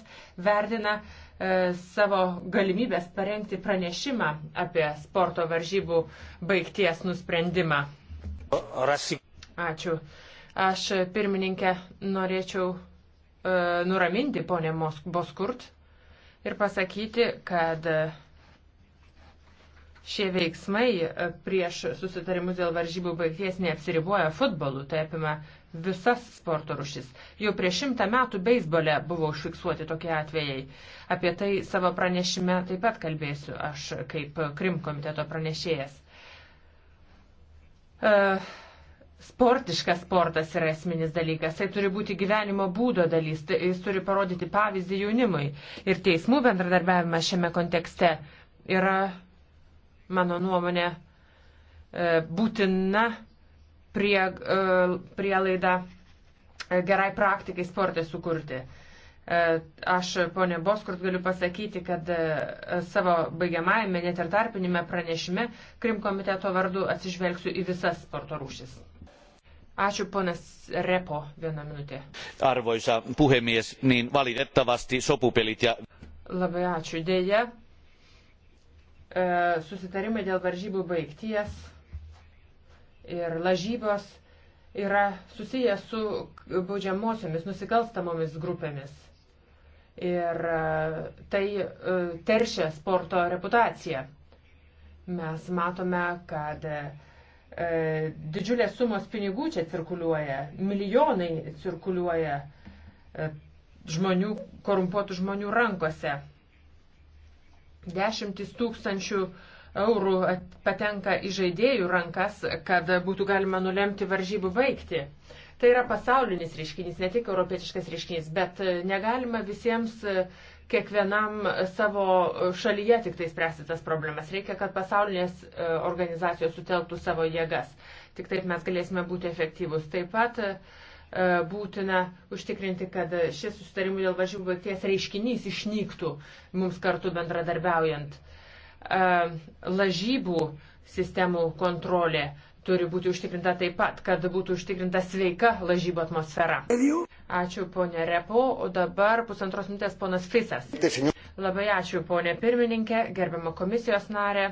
vertina e, savo galimybės parengti pranešimą apie sporto varžybų baigties nusprendimą. Ačiū. Aš e, pirmininkę norėčiau e, nuraminti ponę Boskurt ir pasakyti, kad e, šie veiksmai e, prieš susitarimus dėl varžybų baigties neapsiriboja futbolu, tai apima visas sporto rušis. Jau prieš šimtą metų beisbole buvo užfiksuoti tokie atvejai. Apie tai savo pranešime taip pat kalbėsiu aš kaip Krim komiteto pranešėjas. Uh, e, sportiškas sportas yra esminis dalykas, tai turi būti gyvenimo būdo dalys, tai jis turi parodyti pavyzdį jaunimui. Ir teismų bendradarbiavimas šiame kontekste yra, mano nuomonė, e, būtina prie, e, prielaida e, gerai praktikai sportė sukurti. Aš, ponė Boskurt, galiu pasakyti, kad savo baigiamajame, net ir tarpinime pranešime Krim komiteto vardu atsižvelgsiu į visas sporto rūšis. Ačiū ponas Repo, vieną minutę. Arvoisa puhemies, niin valitettavasti sopupelit ja... Labai ačiū dėja. E, susitarimai dėl varžybų baigties ir lažybos yra susiję su baudžiamosiomis nusikalstamomis grupėmis. Ir e, tai e, teršia sporto reputaciją. Mes matome, kad e, E, didžiulės sumos pinigų čia cirkuliuoja, milijonai cirkuliuoja e, žmonių, korumpuotų žmonių rankose. Dešimtis tūkstančių eurų patenka į žaidėjų rankas, kad būtų galima nulemti varžybų baigti. Tai yra pasaulinis reiškinys, ne tik europietiškas reiškinys, bet e, negalima visiems uh, kiekvienam savo šalyje tik tai spręsti tas problemas. Reikia, kad pasaulinės e, organizacijos suteltų savo jėgas. Tik taip mes galėsime būti efektyvus. Taip pat e, būtina užtikrinti, kad šis sustarimų dėl varžybų baigties reiškinys išnyktų mums kartu bendradarbiaujant. E, lažybų sistemų kontrolė turi būti užtikrinta taip pat, kad būtų užtikrinta sveika lažybo atmosfera. Ačiū ponė Repo, o dabar pusantros minutės ponas Fisas. Labai ačiū ponė pirmininkė, gerbiama komisijos narė.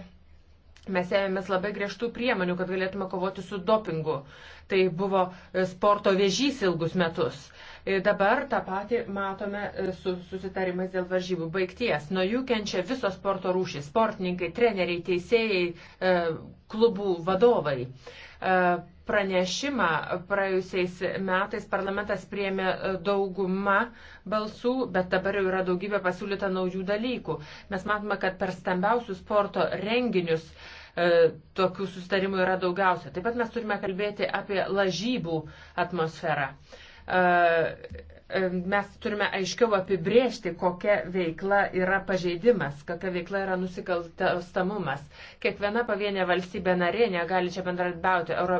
Mes ėmėmės labai griežtų priemonių, kad galėtume kovoti su dopingu. Tai buvo sporto viežys ilgus metus E, dabar tą patį matome e, su susitarimais dėl varžybų baigties. Nuo jų kenčia visos sporto rūšys - sportininkai, treneriai, teisėjai, e, klubų vadovai. Pranešimą praėjusiais metais parlamentas priemė daugumą balsų, bet dabar jau yra daugybė pasiūlyta naujų dalykų. Mes matome, kad per stambiausius sporto renginius tokių sustarimų yra daugiausia. Taip pat mes turime kalbėti apie lažybų atmosferą. Uh, E, e, mes turime aiškiau apibriežti, kokia veikla yra pažeidimas, kokia veikla yra nusikalstamumas. Kiekviena pavienė valstybė narė negali čia bendradarbiauti. Euro,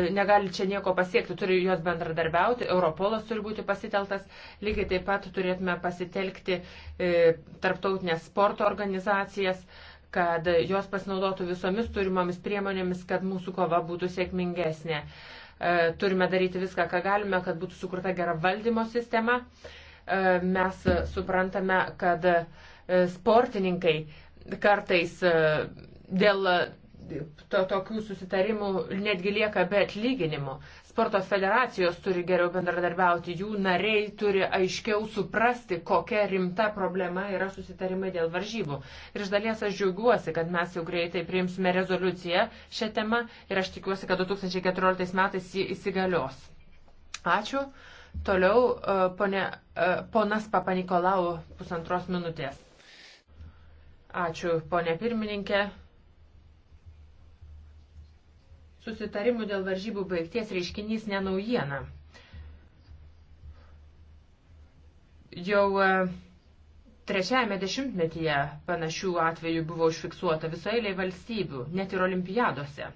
e, negali čia nieko pasiekti, turi juos bendradarbiauti, Europolas turi būti pasiteltas, lygiai taip pat turėtume pasitelkti e, tarptautinės sporto organizacijas, kad jos pasinaudotų visomis turimomis priemonėmis, kad mūsų kova būtų sėkmingesnė. E, E, turime daryti viską, ką galime, kad būtų sukurta gera valdymo sistema. E, mes suprantame, kad e, sportininkai kartais dėl to, tokių susitarimų netgi lieka be atlyginimo sporto federacijos turi geriau bendradarbiauti, jų nariai turi aiškiau suprasti, kokia rimta problema yra susitarimai dėl varžybų. Ir iš dalies aš džiaugiuosi, kad mes jau greitai priimsime rezoliuciją šią temą ir aš tikiuosi, kad 2014 metais jį įsigalios. Ačiū. Toliau e, ponė, e, ponas Papanikolau pusantros minutės. Ačiū, ponė pirmininkė susitarimų dėl varžybų baigties reiškinys nenaujiena. Jau e, trečiajame dešimtmetyje panašių atvejų buvo užfiksuota visoje eilėje valstybių, net ir olimpiadose.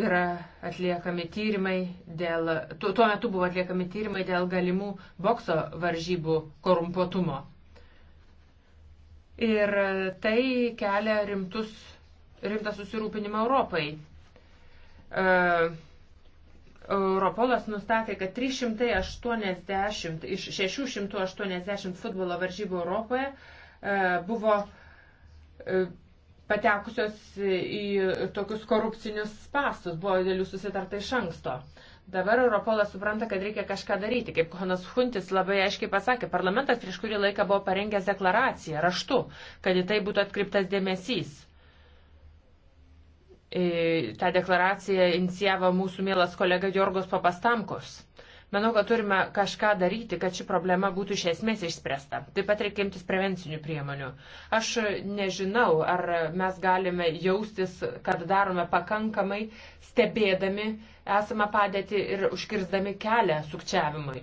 Yra atliekami tyrimai dėl, tuo, tuo metu buvo atliekami tyrimai dėl galimų bokso varžybų korumpuotumo. Ir e, tai kelia rimtus rimtą susirūpinimą Europai. E, Europolas nustatė, kad 380 iš 680 futbolo varžybų Europoje e, buvo e, patekusios į tokius korupcinius spastus, buvo dėlių susitarta iš anksto. Dabar Europolas supranta, kad reikia kažką daryti. Kaip Konas Huntis labai aiškiai pasakė, parlamentas prieš kurį laiką buvo parengęs deklaraciją raštu, kad į tai būtų atkreiptas dėmesys tą deklaraciją inicijavo mūsų mielas kolega Jorgos Papastamkos. Manau, kad turime kažką daryti, kad ši problema būtų iš esmės išspręsta. Taip pat reikia imtis prevencinių priemonių. Aš nežinau, ar mes galime jaustis, kad darome pakankamai, stebėdami esamą padėtį ir užkirzdami kelią sukčiavimui.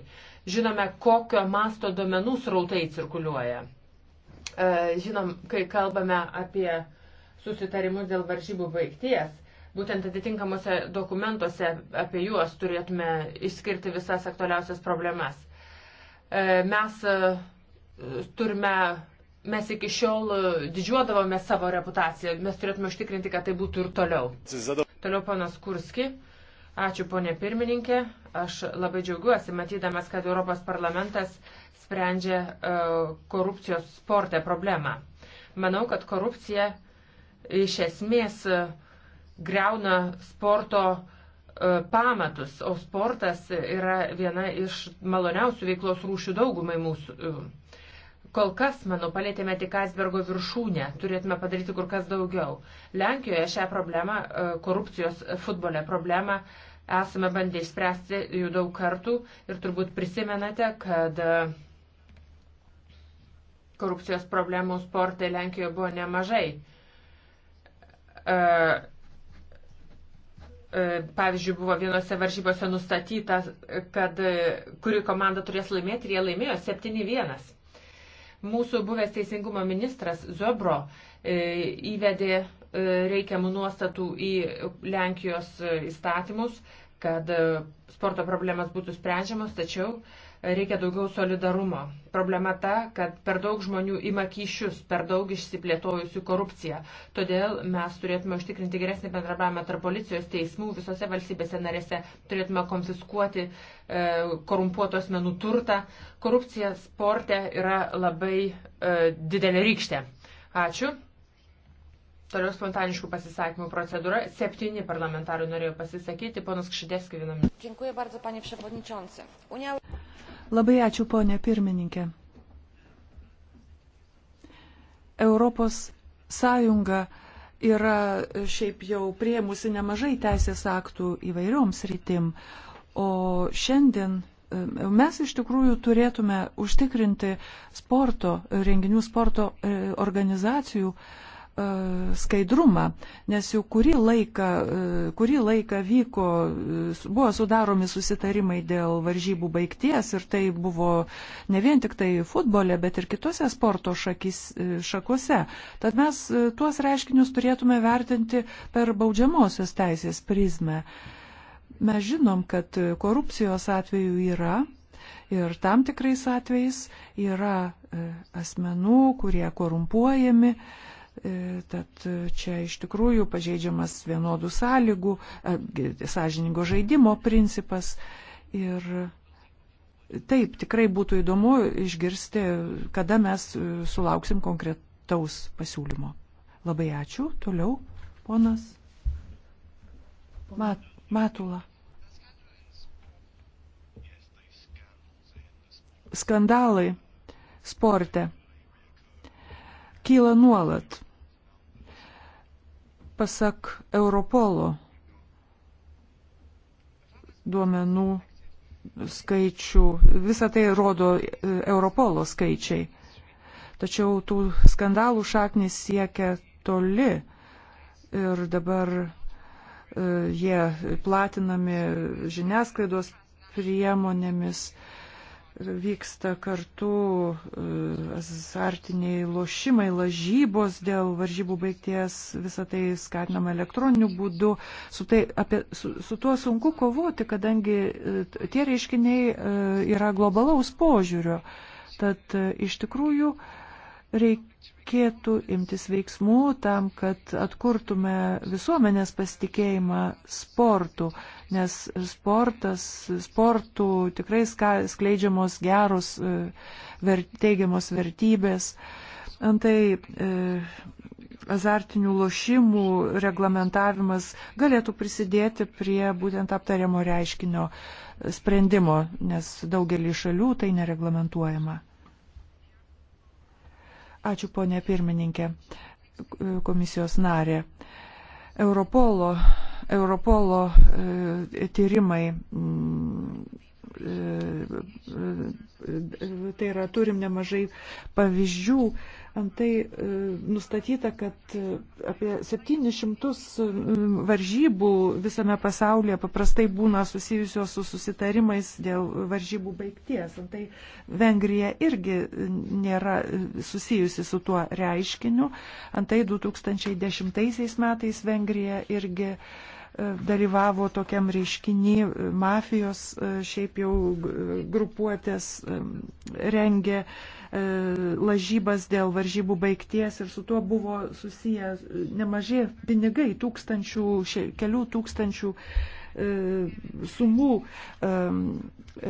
Žinome, kokio masto duomenų srautai cirkuliuoja. E, žinom, kai kalbame apie susitarimus dėl varžybų baigties, būtent atitinkamuose dokumentuose apie juos turėtume išskirti visas aktualiausias problemas. E, mes e, turime, mes iki šiol e, didžiuodavome savo reputaciją, mes turėtume užtikrinti, kad tai būtų ir toliau. Toliau panas Kurski. Ačiū ponė pirmininkė. Aš labai džiaugiuosi matydamas, kad Europos parlamentas sprendžia korupcijos sportę problemą. Manau, kad korupcija uh, iš esmės e, greuna sporto e, pamatus, o sportas yra viena iš maloniausių veiklos rūšių daugumai mūsų. Kol kas, manau, palėtėme tik Asbergo viršūnę, turėtume padaryti kur kas daugiau. Lenkijoje šią problemą, e, korupcijos futbole problemą, esame bandę išspręsti jų daug kartų ir turbūt prisimenate, kad korupcijos problemų sportai Lenkijoje buvo nemažai. Pavyzdžiui, buvo vienose varžybose nustatyta, kad kuri komanda turės laimėti ir jie laimėjo 7-1. Mūsų buvęs teisingumo ministras Zobro e, įvedė e, reikiamų nuostatų į Lenkijos e, įstatymus, kad sporto problemas būtų sprendžiamos, tačiau uh, Reikia daugiau solidarumo. Problema ta, kad per daug žmonių ima kyšius, per daug išsiplėtojusių korupciją. Todėl mes turėtume užtikrinti geresnį bendrabavimą tarp policijos teismų visose valstybėse narėse. Turėtume konfiskuoti e, korumpuotų asmenų turtą. Korupcija sporte yra labai e, didelė rykštė. Ačiū. Toliau spontaniškų pasisakymų procedūra. Septyni parlamentarai norėjo pasisakyti. Ponas Kšydėski vienam. Dziękuję bardzo, panie przewodniczący. Unia... Labai ačiū, ponė pirmininkė. Europos Sąjunga yra šiaip jau priemusi nemažai teisės aktų įvairioms rytim, o šiandien e, mes iš tikrųjų turėtume užtikrinti sporto, renginių sporto e, organizacijų uh, E, skaidrumą, nes jau kurį laiką, e, kurį laiką vyko, e, buvo sudaromi susitarimai dėl varžybų baigties ir tai buvo ne vien tik tai futbole, bet ir kitose sporto šakis, šakose. Tad mes tuos reiškinius turėtume vertinti per baudžiamosios teisės prizmę. Mes žinom, kad korupcijos atveju yra ir tam tikrais atvejais yra asmenų, kurie korumpuojami. E, E, tad e, čia iš tikrųjų pažeidžiamas vienodų sąlygų, e, sąžiningo žaidimo principas. Ir taip, tikrai būtų įdomu išgirsti, kada mes sulauksim konkretaus pasiūlymo. Labai ačiū. Toliau, ponas Mat, Matula. Skandalai sporte kyla nuolat. Pasak Europolo duomenų skaičių, visą tai rodo e, Europolo skaičiai. Tačiau tų skandalų šaknis siekia toli ir dabar e, jie platinami žiniasklaidos priemonėmis vyksta kartu e, azartiniai lošimai, lažybos dėl varžybų baigties, visą tai skatinama elektroniniu būdu. Su, tai, apie, su, su tuo sunku kovoti, kadangi e, tie reiškiniai e, yra globalaus požiūrio. Tad iš tikrųjų reikėtų imtis veiksmų tam, kad atkurtume visuomenės pasitikėjimą sportu nes sportas, sportų tikrai skleidžiamos geros e, teigiamos vertybės. Antai e, azartinių lošimų reglamentavimas galėtų prisidėti prie būtent aptariamo reiškinio sprendimo, nes daugelį šalių tai nereglamentuojama. Ačiū ponė pirmininkė, e, komisijos narė. Europolo Europolo e, tyrimai mm, e, e, tai yra turim nemažai pavyzdžių, antai nustatyta, kad apie 700 varžybų visame pasaulyje paprastai būna susijusios su susitarimais dėl varžybų baigties. Antai Vengrija irgi nėra susijusi su tuo reiškiniu. Antai 2010 metais Vengrija irgi uh, dalyvavo tokiam reiškiny, mafijos e, šiaip jau grupuotės e, rengė e, lažybas dėl varžybų baigties ir su tuo buvo susiję nemažai pinigai, tūkstančių, kelių tūkstančių sumų,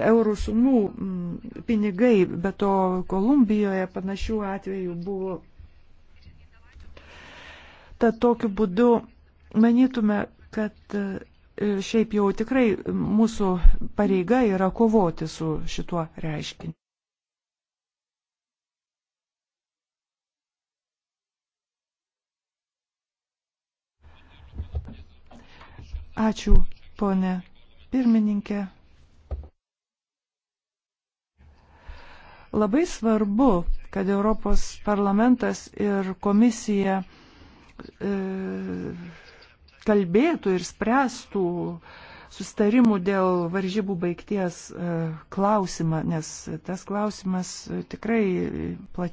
eurų sumų pinigai, bet to Kolumbijoje panašių atvejų buvo. Tad tokiu būdu manytume, kad e, šiaip jau tikrai mūsų pareiga yra kovoti su šituo reiškiniu. Ačiū, ponė pirmininkė. Labai svarbu, kad Europos parlamentas ir komisija e, kalbėtų ir spręstų sustarimų dėl varžybų baigties e, klausimą, nes tas klausimas e, tikrai, e, tai,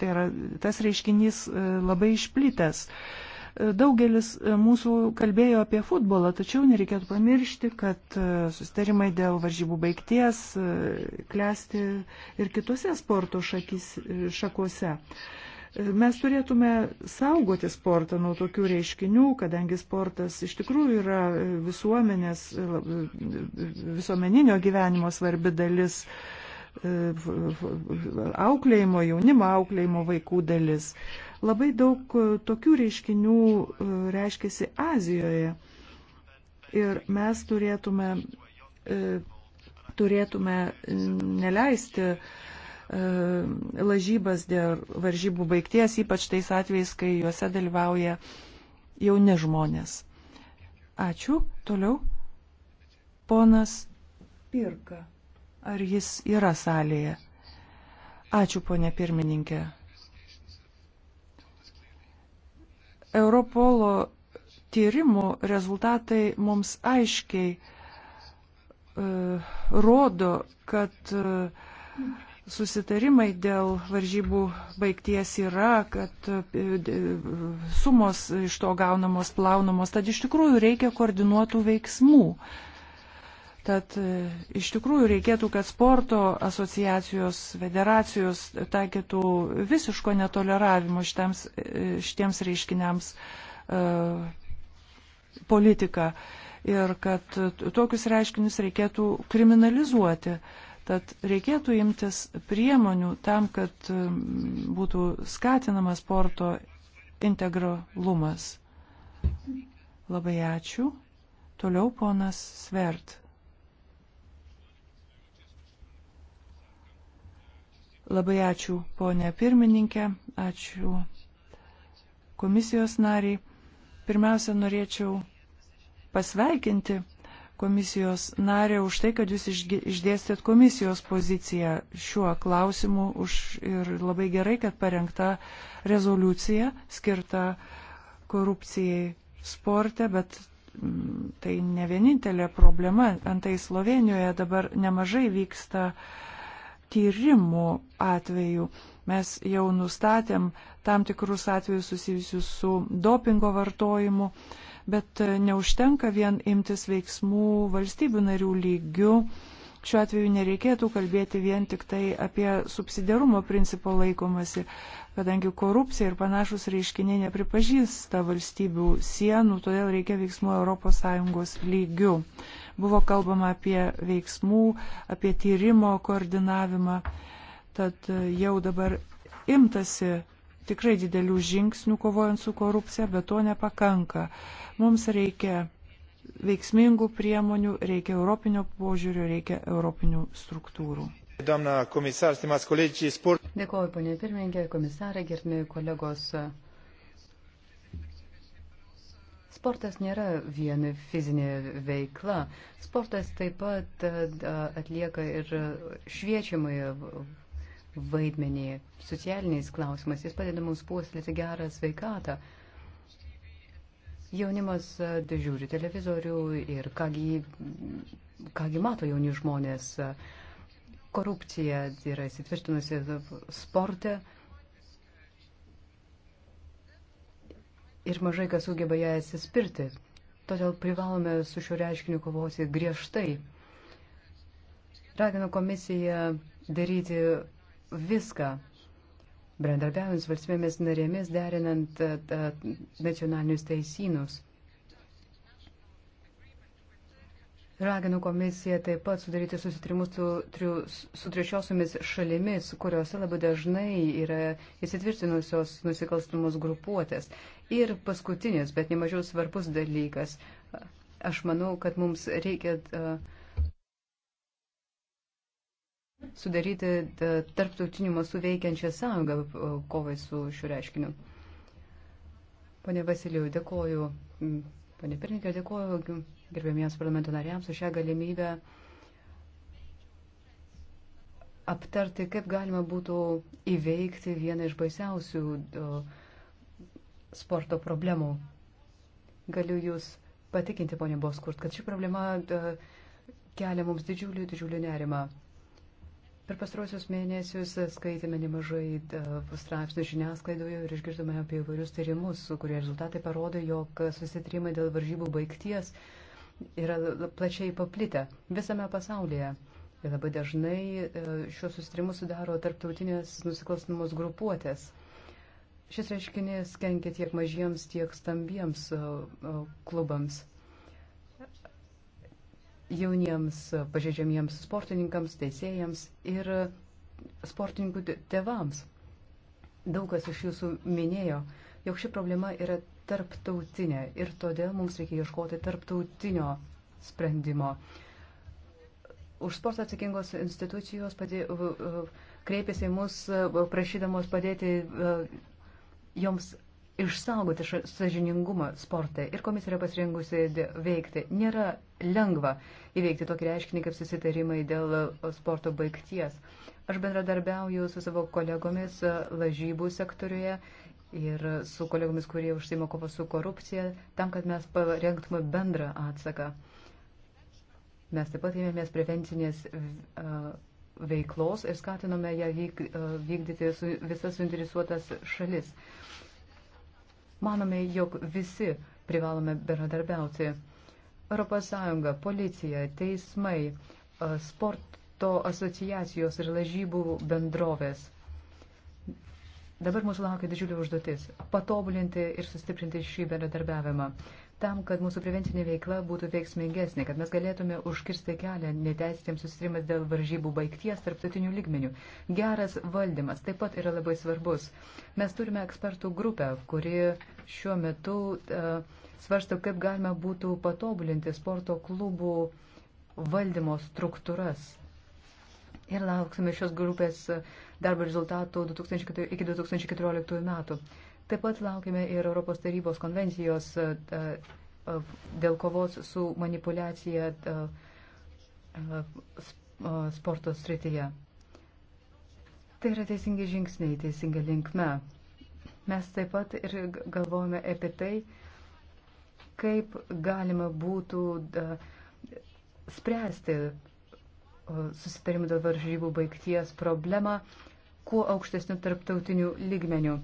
tai yra, tas reiškinys labai išplitęs. Daugelis mūsų kalbėjo apie futbolą, tačiau nereikėtų pamiršti, kad sustarimai dėl varžybų baigties klesti ir kitose sporto šakis, šakose. Mes turėtume saugoti sportą nuo tokių reiškinių, kadangi sportas iš tikrųjų yra visuomenės, visuomeninio gyvenimo svarbi dalis, e, auklėjimo, jaunimo auklėjimo vaikų dalis. Labai daug e, tokių reiškinių e, reiškiasi Azijoje. Ir mes turėtume, turėtume neleisti uh, E, lažybas dėl varžybų baigties, ypač tais atvejais, kai juose dalyvauja jauni žmonės. Ačiū. Toliau. Ponas Pirka. Ar jis yra salėje? Ačiū, ponė pirmininkė. Europolo tyrimų rezultatai mums aiškiai uh, rodo, kad uh, susitarimai dėl varžybų baigties yra, kad e, sumos iš to gaunamos, plaunamos, tad iš tikrųjų reikia koordinuotų veiksmų. Tad e, iš tikrųjų reikėtų, kad sporto asociacijos, federacijos taikytų visiško netoleravimo šitiems, e, šitiems reiškiniams uh, politiką ir kad tokius reiškinius reikėtų kriminalizuoti. Uh, Tad reikėtų imtis priemonių tam, kad um, būtų skatinamas sporto integralumas. Labai ačiū. Toliau ponas Svert. Labai ačiū ponė pirmininkė, ačiū komisijos nariai. Pirmiausia, norėčiau pasveikinti komisijos narė už tai, kad jūs išdėstėt komisijos poziciją šiuo klausimu už, ir labai gerai, kad parengta rezoliucija skirta korupcijai sporte, bet m, mm, tai ne vienintelė problema. Antai Slovenijoje dabar nemažai vyksta tyrimų atvejų. Mes jau nustatėm tam tikrus atvejus susijusius su dopingo vartojimu. Uh, bet e, neužtenka vien imtis veiksmų valstybių narių lygių. Šiuo atveju nereikėtų kalbėti vien tik tai apie subsidiarumo principo laikomasi, kadangi korupcija ir panašus reiškiniai nepripažįsta valstybių sienų, todėl reikia veiksmų ES lygių. Buvo kalbama apie veiksmų, apie tyrimo koordinavimą, tad e, jau dabar imtasi tikrai didelių žingsnių kovojant su korupcija, bet to nepakanka. Mums reikia veiksmingų priemonių, reikia europinio požiūrio, reikia europinių struktūrų. Doamna comisar, stimați colegi, sport. Dėkuoju, ponė pirmininkė, komisarė, gerbimi kolegos. Sportas nėra vien fizinė veikla. Sportas taip pat atlieka ir šviečiamąją vaidmenį socialiniais klausimais. Jis padeda mums puoselėti gerą sveikatą. Jaunimas e, žiūri televizorių ir kągi, kągi mato jauni žmonės. Korupcija yra įsitvirtinusi sporte. Ir mažai kas sugeba ją atsispirti. Todėl privalome su šiuo reiškiniu kovoti griežtai. Ragino komisiją daryti viską, bendradarbiaujant su valstybėmis narėmis, derinant nacionalinius teisynus. Raginu komisiją taip pat sudaryti susitrimus su, triu, su trečiosiomis šalimis, kuriuose labai dažnai yra įsitvirtinusios nusikalstamos grupuotės. Ir paskutinis, bet nemažiau svarbus dalykas. Aš manau, kad mums reikia. Uh, sudaryti e, tarptautinių masų veikiančią sąjungą e, kovai su šiuo reiškiniu. Pane Vasilijau, dėkoju, pane Pirnikė, dėkoju gerbėmiems parlamento nariams už šią galimybę aptarti, kaip galima būtų įveikti vieną iš baisiausių e, sporto problemų. Galiu Jūs patikinti, ponė Boskurt, kad ši problema kelia mums didžiulį, didžiulį nerimą. Per pastarosius mėnesius skaitėme nemažai e, straipsnių žiniasklaidoje ir išgirdome apie įvairius tyrimus, kurie rezultatai parodo, jog susitrimai dėl varžybų baigties yra plačiai paplitę visame pasaulyje. Ir labai dažnai e, šios susitrimus sudaro tarptautinės nusikalstamos grupuotės. Šis reiškinys kenkia tiek mažiems, tiek stambiems e, klubams jauniems pažeidžiamiems sportininkams, teisėjams ir sportininkų tevams. Daug kas iš jūsų minėjo, jog ši problema yra tarptautinė ir todėl mums reikia ieškoti tarptautinio sprendimo. Už sportą atsakingos institucijos padė, kreipėsi mus prašydamos padėti joms išsaugoti sažiningumą sporte ir komisija yra pasirengusi veikti. Nėra lengva įveikti tokį reiškinį kaip susitarimai dėl sporto baigties. Aš bendradarbiauju su savo kolegomis lažybų sektoriuje ir su kolegomis, kurie užsima kovą su korupcija, tam, kad mes parengtume bendrą atsaką. Mes taip pat ėmėmės prevencinės veiklos ir skatinome ją vykdyti su visas suinteresuotas šalis. Manome, jog visi privalome bendradarbiauti. ES, policija, teismai, e, sporto asociacijos ir lažybų bendrovės. Dabar mūsų laukia didžiulė užduotis - patobulinti ir sustiprinti šį bendradarbiavimą tam, kad mūsų prevencinė veikla būtų veiksmingesnė, kad mes galėtume užkirsti kelią neteisėtiems susitrimams dėl varžybų baigties tarptautinių lygmenių. Geras valdymas taip pat yra labai svarbus. Mes turime ekspertų grupę, kuri šiuo metu uh, svarsto, kaip galima būtų patobulinti sporto klubų valdymo struktūras. Ir lauksime šios grupės darbo rezultatų 2000, iki 2014 metų. Taip pat laukime ir Europos tarybos konvencijos e, e, dėl kovos su manipulacija e, sporto srityje. Tai yra teisingi žingsniai, teisinga linkme. Mes taip pat ir galvojame apie tai, kaip galima būtų da, spręsti susitarimų dėl varžybų baigties problemą kuo aukštesnių tarptautinių lygmenių.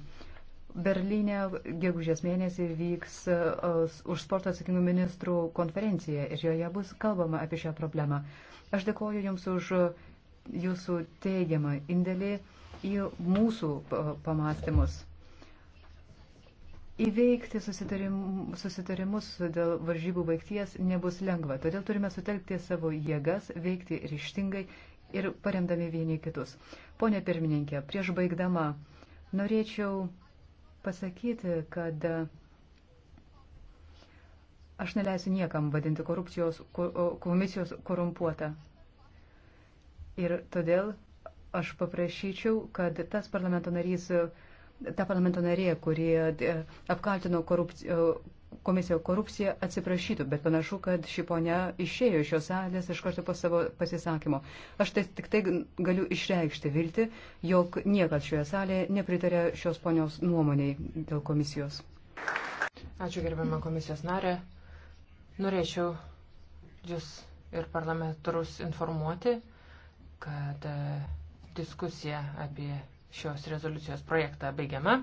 Berlyne gegužės mėnesį vyks uh, už sportą atsakingų ministrų konferencija ir joje bus kalbama apie šią problemą. Aš dėkoju Jums už uh, Jūsų teigiamą indėlį į mūsų uh, pamastymus. Įveikti susitarim, susitarimus dėl varžybų baigties nebus lengva, todėl turime sutelkti savo jėgas, veikti ryštingai ir paremdami vieni kitus. Pone pirmininkė, prieš baigdama norėčiau pasakyti, kad e, aš neleisiu niekam vadinti korupcijos komisijos korumpuota. Ir todėl aš paprašyčiau, kad tas parlamento narys, ta parlamento narė, kurie apkaltino korupciją komisija korupcija atsiprašytų, bet panašu, kad ši ponia išėjo iš šios salės iš karto po savo pasisakymo. Aš tai tik tai galiu išreikšti viltį, jog niekas šioje salėje nepritarė šios ponios nuomoniai dėl komisijos. Ačiū gerbiamą komisijos narę. Norėčiau jūs ir parlamentarus informuoti, kad e, diskusija apie šios rezoliucijos projektą baigiama.